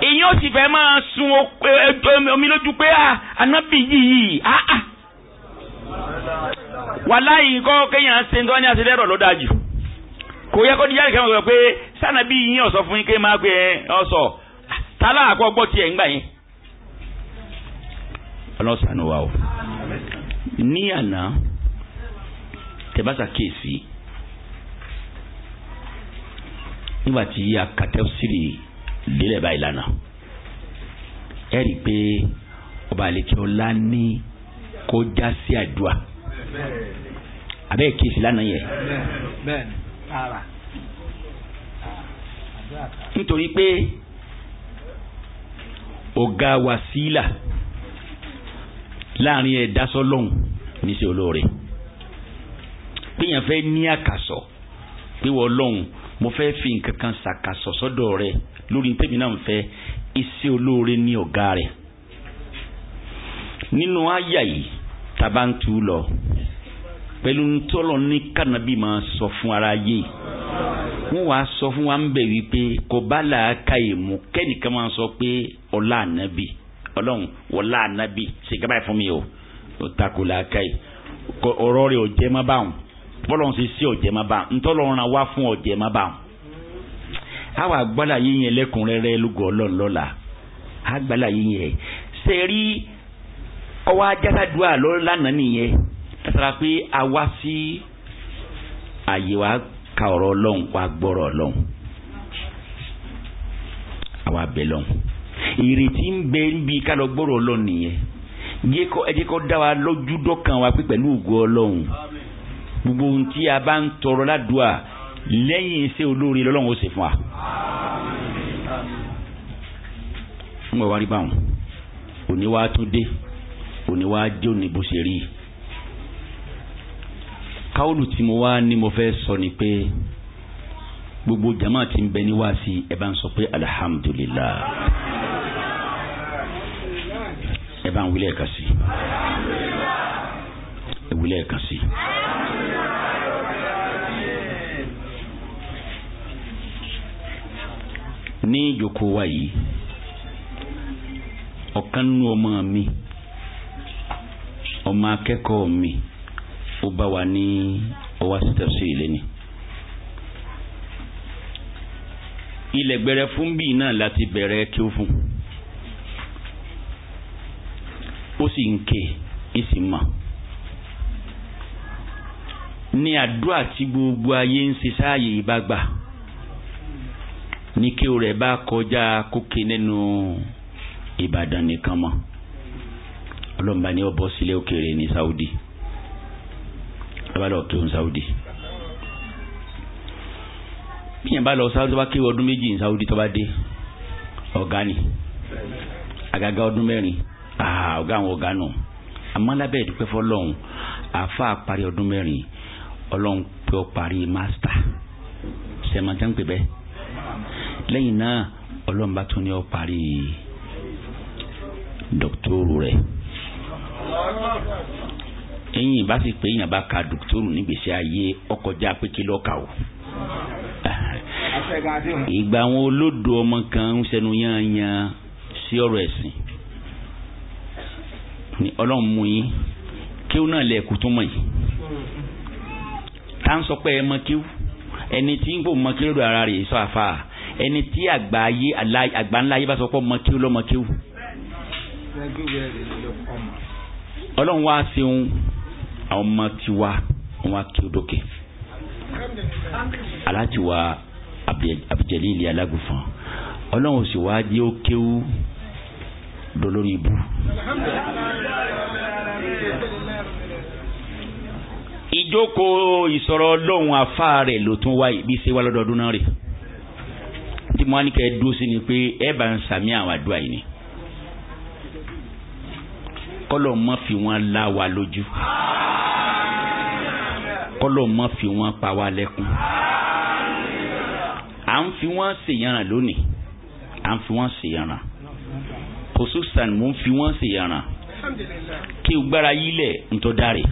èyí ah, ó sì fẹ́ máa sun e, omi lójú pé ànábì yìí wàláyé kọ́ kéèyàn ṣe ń tọ́ ní àṣẹlẹ́rọ̀ ló dáa jù kò yẹ kó di jáde kẹ́wọ́n pé sànàbí yín ọ̀sọ́ fún yín ké máa gbé ọ̀sọ̀ tálà tiẹ̀ ń gbà yín. ọlọ́sàn-án o. ní àná tẹ̀bátà kéèsì nígbà tí akatẹ́sìrì délẹ̀ báyìí lánàá ẹ rí i pé ọba àlekí ọlá ní kó já sí àdúrà abẹ́ kéèsì lánàá yẹ nítorí pé ọ̀gá wàsílà láàrin ẹ̀dá níṣẹ́ olóore péyàn fẹ́ ní àkàsọ̀ pé wọ́n lọ́hùn mo fẹ́ fi nǹkan kan ṣàkàsọ̀ sọ́dọ̀ rẹ lórí tèmi náà ń fẹ́ iṣẹ́ olóore ní ọ̀gá rẹ̀ nínú àyà yìí tàbá ń tu lọ pẹ̀lú ntọ́lọ̀ ní kànábì máa sọ fún ara yé wọ́n wàá sọ fún wa ń bẹ̀ wípé kò bá làákà yìí kẹ́nìkan máa sọ pé ọlá ànábì ọlọ́run wọlá ànábì ṣèkábàá fún mi o. takola ka yi ọ̀rọ̀ rẹ̀ ọjẹ má bá wọn bọlọrun sì sí ọjẹ má bá wọn ntọlọrun wa fún ọjẹ má bá wọn. àwọn àgbàlá yìí yẹn lẹ́kùnrẹ́rẹ́ lógo Ọlọ́run lọ́la àgbàlá yìí seri ọwọ nìyẹn pé awa sí wa ka wa bẹ ìrètí ń bẹ níbi jẹ́ kó ẹ jẹ́ kó dá wa lójú dọ́kàn wa pé pẹ̀lú ògo ọlọ́run gbogbo ohun tí a bá ń tọrọ ládùúà lẹ́yìn iṣẹ́ olóore lọ́lọ́run ó ṣe fún wa. ń bọ̀ wá rí báwọn òní wàá tún dé òní wàá jó ní bó ṣe rí i. tí mo wá ní mo fẹ́ sọ ni pé gbogbo jama tí ń bẹ ní wáàsí ẹ bá ń sọ pé alihamudulilayi ẹ bá ń wílẹ̀ ẹ̀kan sí ẹ wílẹ̀ ẹ̀kan sí. ní ìjókòó wa yìí ọ̀kan nínú ọmọ mi ọmọ akẹ́kọ̀ọ́ mi ó bá wa ní ọwá sítẹ̀ sí ilẹ̀ gbẹrẹ fún bíi náà láti bẹ̀rẹ̀ kí ó fún un. sì ń ké ń sì mọ̀ ní àdúrà tí gbogbo ayé ń ṣe sáàyè ìbá gbà ní kí o rẹ̀ bá kọjá kókè nínú Ìbàdàn nìkan mọ́ ọlọ́mọba ni ó bọ́ sílé òkèèrè ní Saudi abalọ̀ kí o ní Saudi bí yẹn bá lọ Saudi tó bá kéwọ́ ọdún méjì ní Saudi tó bá dé ọ̀gá ni àgàgà ọdún mẹ́rin aa ah, ọ̀gá àwọn ọ̀gá nù amálàbẹ̀ ìdúpẹ́ fọlọ́hún àfa parí ọdún mẹ́rin ọlọ́run pé ó parí mástà sẹ́mọ̀tẹ́ ń pè bẹ́ẹ̀ lẹ́yìn náà ọlọ́run bá tún ní ó parí dọ́kítọ́rù rẹ̀ ẹ̀yìn ìbá sì pé èèyàn bá ka dọ́kítọ́rù nígbèsè ayé ọkọjá pé kí lọ́ọ́ ìgbà àwọn olódò ọmọ kan ń sẹnu yán sí ọ̀rọ̀ ẹ̀sìn ni ọlọ́run mú yín kíw náà lẹ̀ kú tó mọ̀ yìí tá à ń sọ pé ẹ mọ kíw ẹni tí ń bò mọ kíw lọ́dọ̀ ara rẹ̀ sọ àfa ẹni tí àgbà ayé àgbà ńlá ayé bá sọ pé mọ kíw lọ́ mọ kíw. ọlọ́run wá sí ohun àwọn ọmọ tiwa wọn wá kíw dókè aláti wa ilé alágùnfọ̀n ọlọ́run sì wá dé ó kéwú dolórí ibú. ìjókòó ìsọ̀rọ̀ ọlọ́run afá rẹ̀ ló tún wáyé bí ṣe wá lọ́dọọdún náà rè tí mo wá ní kẹ́ ẹ dúró sí ni pé ẹ bá ń sàmì àwọn àdúrà yìí ni kọ́lọ̀ mọ́ fi wọ́n lá wa lójú kọ́lọ̀ mọ́ fi wọ́n pa wa lẹ́kún à ń fi wọ́n ṣèyànràn lónìí à ń fi wọ́n ṣèyànràn kòsósàn mò ń fi wọ́n ṣe yàrá kí o gbára yílẹ̀ ntọ́ dáre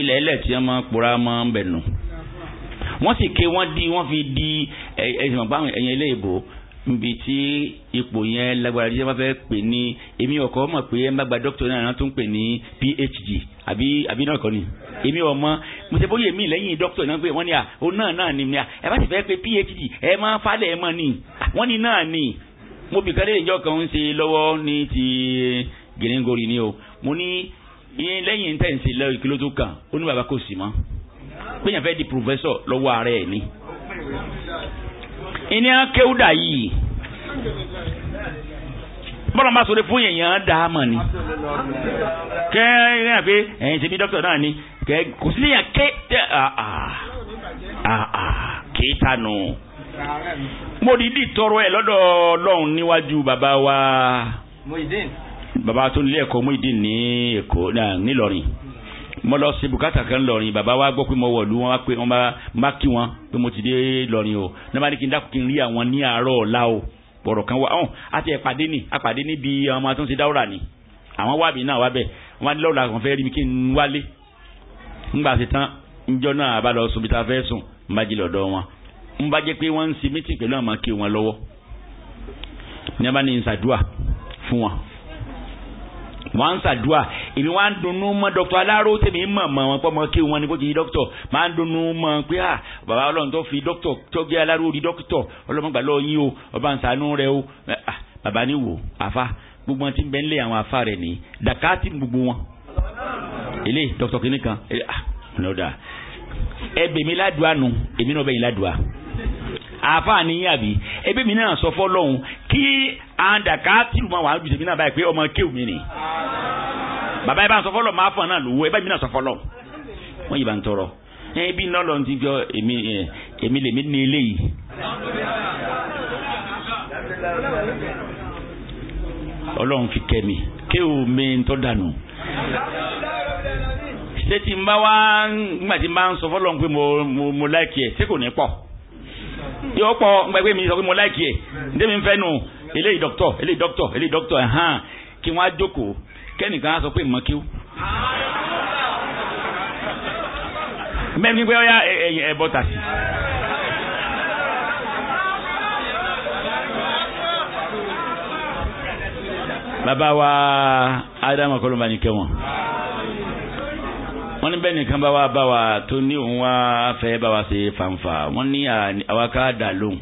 ilẹ̀ ilẹ̀ tí wọ́n máa kpọ́ra máa ń bẹ̀ nù wọ́n sì ké wọ́n di wọ́n fi di ẹ̀sìn bàbá ẹ̀yìn ilé ìbò níbi tí ipò yẹn lágbára jíjẹ́ wọ́n fẹ́ pè ní èmi ọ̀kọ́ mọ̀ pé ẹ̀ ń bá gba dókítà náà tó ń pè ní PhD àbí àbí náà kọ́ ni èmi ọmọ mo ṣe bóyá èmi lẹ́yìn dókítà náà pé wọ́n ní à ó náà náà ni mi bá sì fẹ́ pé PhD ẹ máa falẹ̀ ẹ mọ́ ni wọ́n ní náà ni mo bì kárẹ́ ìjọ kan ń ṣe lọ́wọ́ ní ti gèrèngorì ni o mo ní ìyẹn lẹ́yìn tẹ̀ ń ṣe lọ́wọ́ kí tó kàn ó ní bàbá kò sí mọ́ péyàn fẹ́ di professor lọ́wọ́ ara ẹ̀ ni. ìní akéwúdà yìí bọ́lá máa sọ̀rọ̀ fún èèyàn dá mọ̀ ni kẹ́ ẹ ẹ pé ẹ̀yin ṣe bí dókítà náà ni kẹ́ kò sí lèèyàn ké àà àà kéétà nù. No mo dìídì tọrọ ẹ lọ́dọ̀ Ọlọ́run níwájú bàbá wa bàbá tó nílé ẹ̀kọ́ Muyideen ní Èkó nílọrin mo lọ sí bùkátà kan lọrin bàbá wa gbọ́ pé mo wọ̀lú wọn pé wọn bá kí wọn pé mo ti dé lọrin o ní bá ní kí n dákun kí n rí àwọn ní àárọ̀ ọ̀la o bọ̀rọ̀ kan wà ọ̀hún àti ẹ̀pàdé ni àpàdé níbi ọmọ tó ń ṣe dáwọ́rà ni àwọn wà náà wà wọn ní lọ́la kan fẹ́ rí mi kí n wálé ńgbà ṣe tán njọ́ náà bá lọ sùn bí ta fẹ́ sùn má jí lọ́dọ̀ wọn ń bá jẹ́ pé wọ́n ń ṣe mítì pẹ̀lú àmọ́ kí wọn lọ́wọ́ ní abá ní ìsàdúà fún wọn wọ́n ń sàdúà èmi wá ń dunnú mọ́ dọ́kítọ̀ aláró tèmi mọ̀ mọ́ wọn pọ́ mọ́ kí wọn ni kó ti di dọ́kítọ̀ máa ń dunnú mọ́ pé à bàbá ọlọ́run tó fi dọ́kítọ̀ tó gbé aláró di dọ́kítọ̀ ọlọ́mọgbà lọ́ọ́ yín o ọba ń sànú rẹ o bàbá ní wò àfa gbogbo wọn ti ń lé àwọn àfa rẹ ní dàkátì gbogbo wọn ilé dọ́kítọ̀ kìnìkan ẹ bèmí ládùá nù èmi náà bẹ́yìn ládùá àáfàá níyàbí ẹbí mi náà sọ fọlọ́hún kí àǹdàká tìlù máa wà á jùlọ mi náà báyìí pé ọmọ kéwù mi ni bàbá yìí bá ń sọ fọlọ́ máa fún ọ náà lówó ẹ bá mi náà sọ fọlọ́ wọ́n yìí bá ń tọrọ ẹbí náà lọ́n ti jọ èmi èmi lèmi ní eléyìí. ọlọ́run fi kẹ́ mi kéwù mi ń dànù ṣé tí n bá wá ń gbà n bá ń sọ fọlọ́n pé mo mo láìkí ẹ̀ ṣé kò ní pọ̀ yóò pọ̀ nígbà pé mi sọ pé mo láìkì ẹ̀ ǹdẹ́ mi ń fẹ́ nù eléyìí dọ́kítọ̀ eléyìí dọ́kítọ̀ eléyìí dọ́kítọ̀ ẹ̀hán kí wọ́n á jókòó kẹ́nìkan á sọ pé mọ̀ kíw. mẹ́rin pé ọ̀yà ẹ̀yìn ẹ̀ bọ́tà sí. bàbá wa ádámù kọ́lọ́mbà ní kẹ́wọ̀n wọ́n ní bẹ́ẹ̀ nìkan bá wa bá wa tó ní òun wá fẹ́ bá wa ṣe fanfa wọ́n ní àwa ká dà lóhùn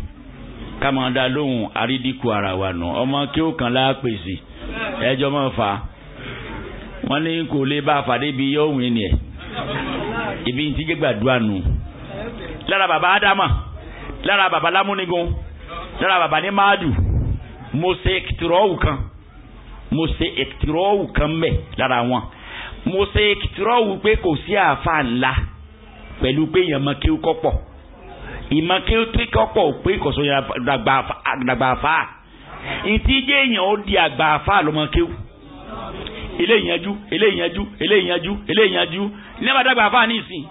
ká máa dà lóhùn àrídìkù ara wa nù ọmọ kí ó kàn láàpèsè ẹjọ́ máa fà á wọ́n ní kò lè bá a fàdé bí yóò wìn ni ẹ̀ ibi tí gbàdúrà nù lára bàbá ádámà lára bàbá lámúnigun lára bàbá ní máàdù mo ṣe èkìtìrọ́ọ̀wù kan mo ṣe èkìtìrọ́ọ̀wù kan mẹ́ lára wọn. Mose ṣe kìtìrọ́wù pé kò sí àáfàá ńlá pẹ̀lú pé èèyàn mọ kí ó kọ́pọ̀ ìmọ̀ kí ó tí kọ́pọ̀ pé kò sọ yẹn àgbàgbà àfáà ìtìjẹ́ èèyàn ó di àgbà àfáà lọ́mọ kí ó eléyìí yanjú eléyìí yanjú eléyìí yanjú eléyìí yanjú ní abàdá àgbà àfáà ní ìsìn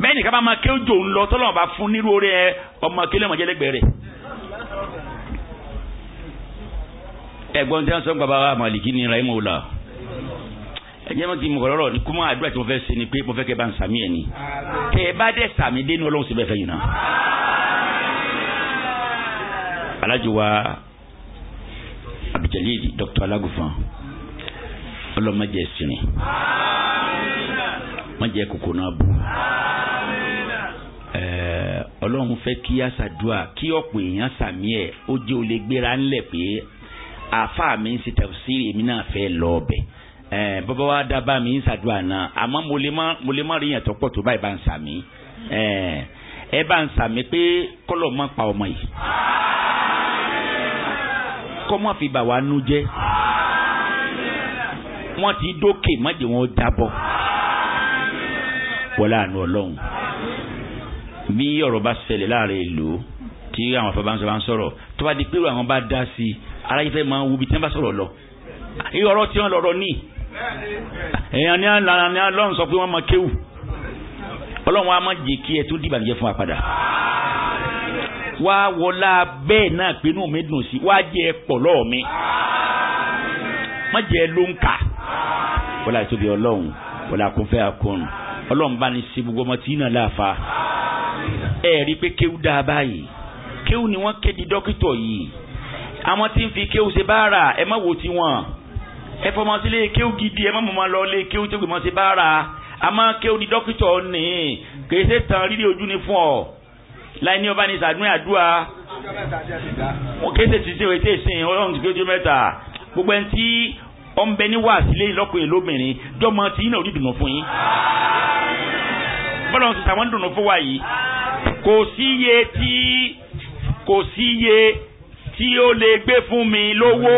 bẹ́ẹ̀ nìkan bá máa kí ó jò ń lọ tọ́lọ́ bá fún nírú orí ọmọ kí lẹ́mọ̀ jẹ́lẹ́gbẹ̀ẹ́ rẹ̀ ẹ̀gbọ́n tí wọ́n sọ gbàgbà àmàlìkí ni rahimola ẹ̀jẹ̀ mọ́ ti mọ̀kọ́ ni kúmọ́ àdúrà tí mo fẹ́ ṣe ni pé mo fẹ́ kẹ́ bá ń sàmì ẹ̀ ni tẹ̀ ẹ bá dẹ̀ sàmì dénú ọlọ́run síbẹ̀ fẹ́ yìí náà. alájọ wa abidjalidi dr alagunfan ọlọmọdé sinrin mọdé kòkó náà bù ọlọ́run fẹ́ kí àṣàdúà kí ọ̀pọ̀ èèyàn sàmì ẹ̀ ó jẹ́ olè gbéra ńlẹ̀ pé àáfàá mi ń ṣe tẹ̀síì èmi náà fẹ́ lọ ẹ bọ́bá wa dábàá mi ń ṣàdúrà náà àmọ́ mo lè má mo lè má rí yàn tó pọ̀ tó báyìí bá ń sàmì ẹ ẹ bá ń sàmì pé kọ́lọ̀ má pa ọmọ yìí kọ́ má fi bà wá nú jẹ́ wọ́n ti dókè má jẹ́ wọ́n wọlé àánú ọlọ́run bí ọ̀rọ̀ bá ṣẹlẹ̀ láàrin ìlú tí àwọn afẹ́ bá ń sọ tó bá di pé àwọn bá dá sí i aráyé máa ń wubi tí wọ́n bá sọ̀rọ̀ lọ. ìrọ̀rọ̀ tí wọ́n lọ̀rọ̀ ní èèyàn ní àlànà ní Ọlọ́run sọ pé wọ́n máa kéwù Ọlọ́run wa máa jẹ́ kí ẹ tó dìbàjẹ́ fún wa padà wá wọlá bẹ́ẹ̀ náà pé inú mi dùn sí wá jẹ́ ẹ pọ̀ lọ́ọ̀ mi má jẹ́ ẹ ló ń kà wọlá tóbi Ọlọ́run wọlá kúnfẹ́ akọrun Ọlọ́run bá ní ṣe gbogbo ọmọ tí náà láàfa ẹ rí i pé kéwù dáa báyìí kéwù ni wọ́n kéde dókítọ̀ yìí àwọn tí ń fi kéwù ṣe bá rà ẹ má wo tiwọn ẹ fọmọ sí ilé kéwù gidi ẹ má mọ̀ máa lọ ilé kéwù tó gbèmọ̀ sí bára àmọ́ kéwù ni dókítà ọ̀nì kèé ṣe tàn rírì ojú ni fún ọ láì ní ọba ní sàdúrà àdúrà wọn kèé ṣe tìṣe òye tẹ̀sìn ọlọ́run ti fi ojú mẹ́ta gbogbo ẹni tí ọ bẹ ní wàásù lé lọ́kùnrin lóbìnrin jọmọ tí yín náà dùnú fún yín bọ́lá ti sàwọn dùnú fún wa yìí kò sí iye tí kò sí iye tí ó lè gbé fún mi lówó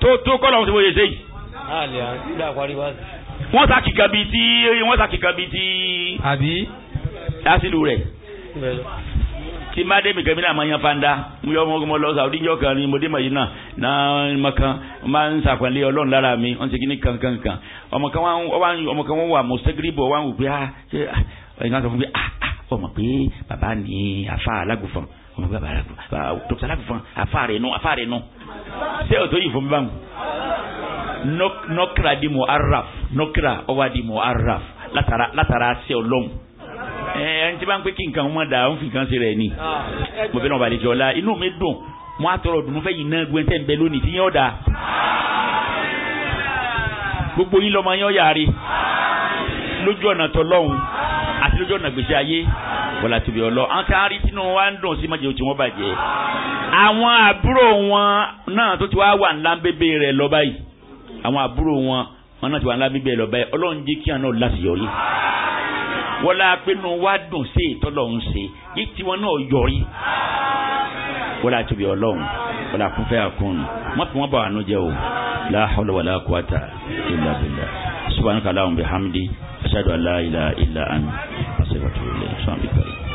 tó tó kọ́ lọ́wọ́ ti wọ́n yẹ sẹ́yìn wọ́n sá kìkan bíi tí wọ́n sá kìkan bíi tí. àbí. lásìlú rẹ̀ tí má dé mìkan mi náà máa yan fanda mo yọ ọmọ lọ sàwùdí jọ kan ni mo dé màyí náà náà mo kan máa ń sàpẹ́lẹ́ ọlọ́run lára mi wọ́n ti kí ní kankan kan ọmọ kan wọ́n ọmọ kan wọ́n wà mọ̀sẹ́gírìbọ̀ wọ́n wù pé ah ṣe ah? ẹ̀yin kan sọ fún mi ah ah ọmọ pé bàbá ni àfa alágùnfọ̀n ọmọ pé bàbá alágùnfọ̀n dókítà alágùnfọ̀n àfa rẹ̀ nù àfa rẹ̀ nù ṣé ọ̀tọ̀ yìí fún mi báwọn nọkira di muharraf nọkira ó wá di muharraf látara Latara ṣe ọlọ́run eh, ẹ n tí bá ń pé kí nǹkan ọmọ dà ń fi nǹkan ṣe rẹ̀ ni ah, mo fẹ́ràn balẹ̀ la inú mi dùn mo á tọrọ dùnú fẹ́ yìí náà gbé tẹ́ ń bẹ lónìí tí yẹn ọ̀dà ah. gbogbo yín lọ́mọ yẹn ọ̀yà rí lójú ọ̀nà tọ́lọ́hún àti lójú ọ̀nà gbèsè ayé wọlá tóbi ọlọ àwọn kan á rí sínú wa ń dùn sí májèlé tí wọ́n bàjẹ́ àwọn àbúrò wọn náà tó ti wá wà ńlá bébè rẹ̀ lọ báyìí àwọn àbúrò wọn wọn náà ti wà ńlá bíbẹ̀ lọ báyìí ọlọ́run jẹ́ kí àná láṣeyọrí. wọ́n la pinnu wá dùn sí ìtọ́lọ̀ ń ṣe yí tiwọn náà yọrí. wọ́n la tóbi ọlọ́run wọ́n la kún fẹ́ àkún wọ́n fi wọ́n bá wà nù jẹ́ o la hawla wala quwata illa billah subhanaka allahumma bihamdi ashhadu an la ilaha illa anta astaghfiruka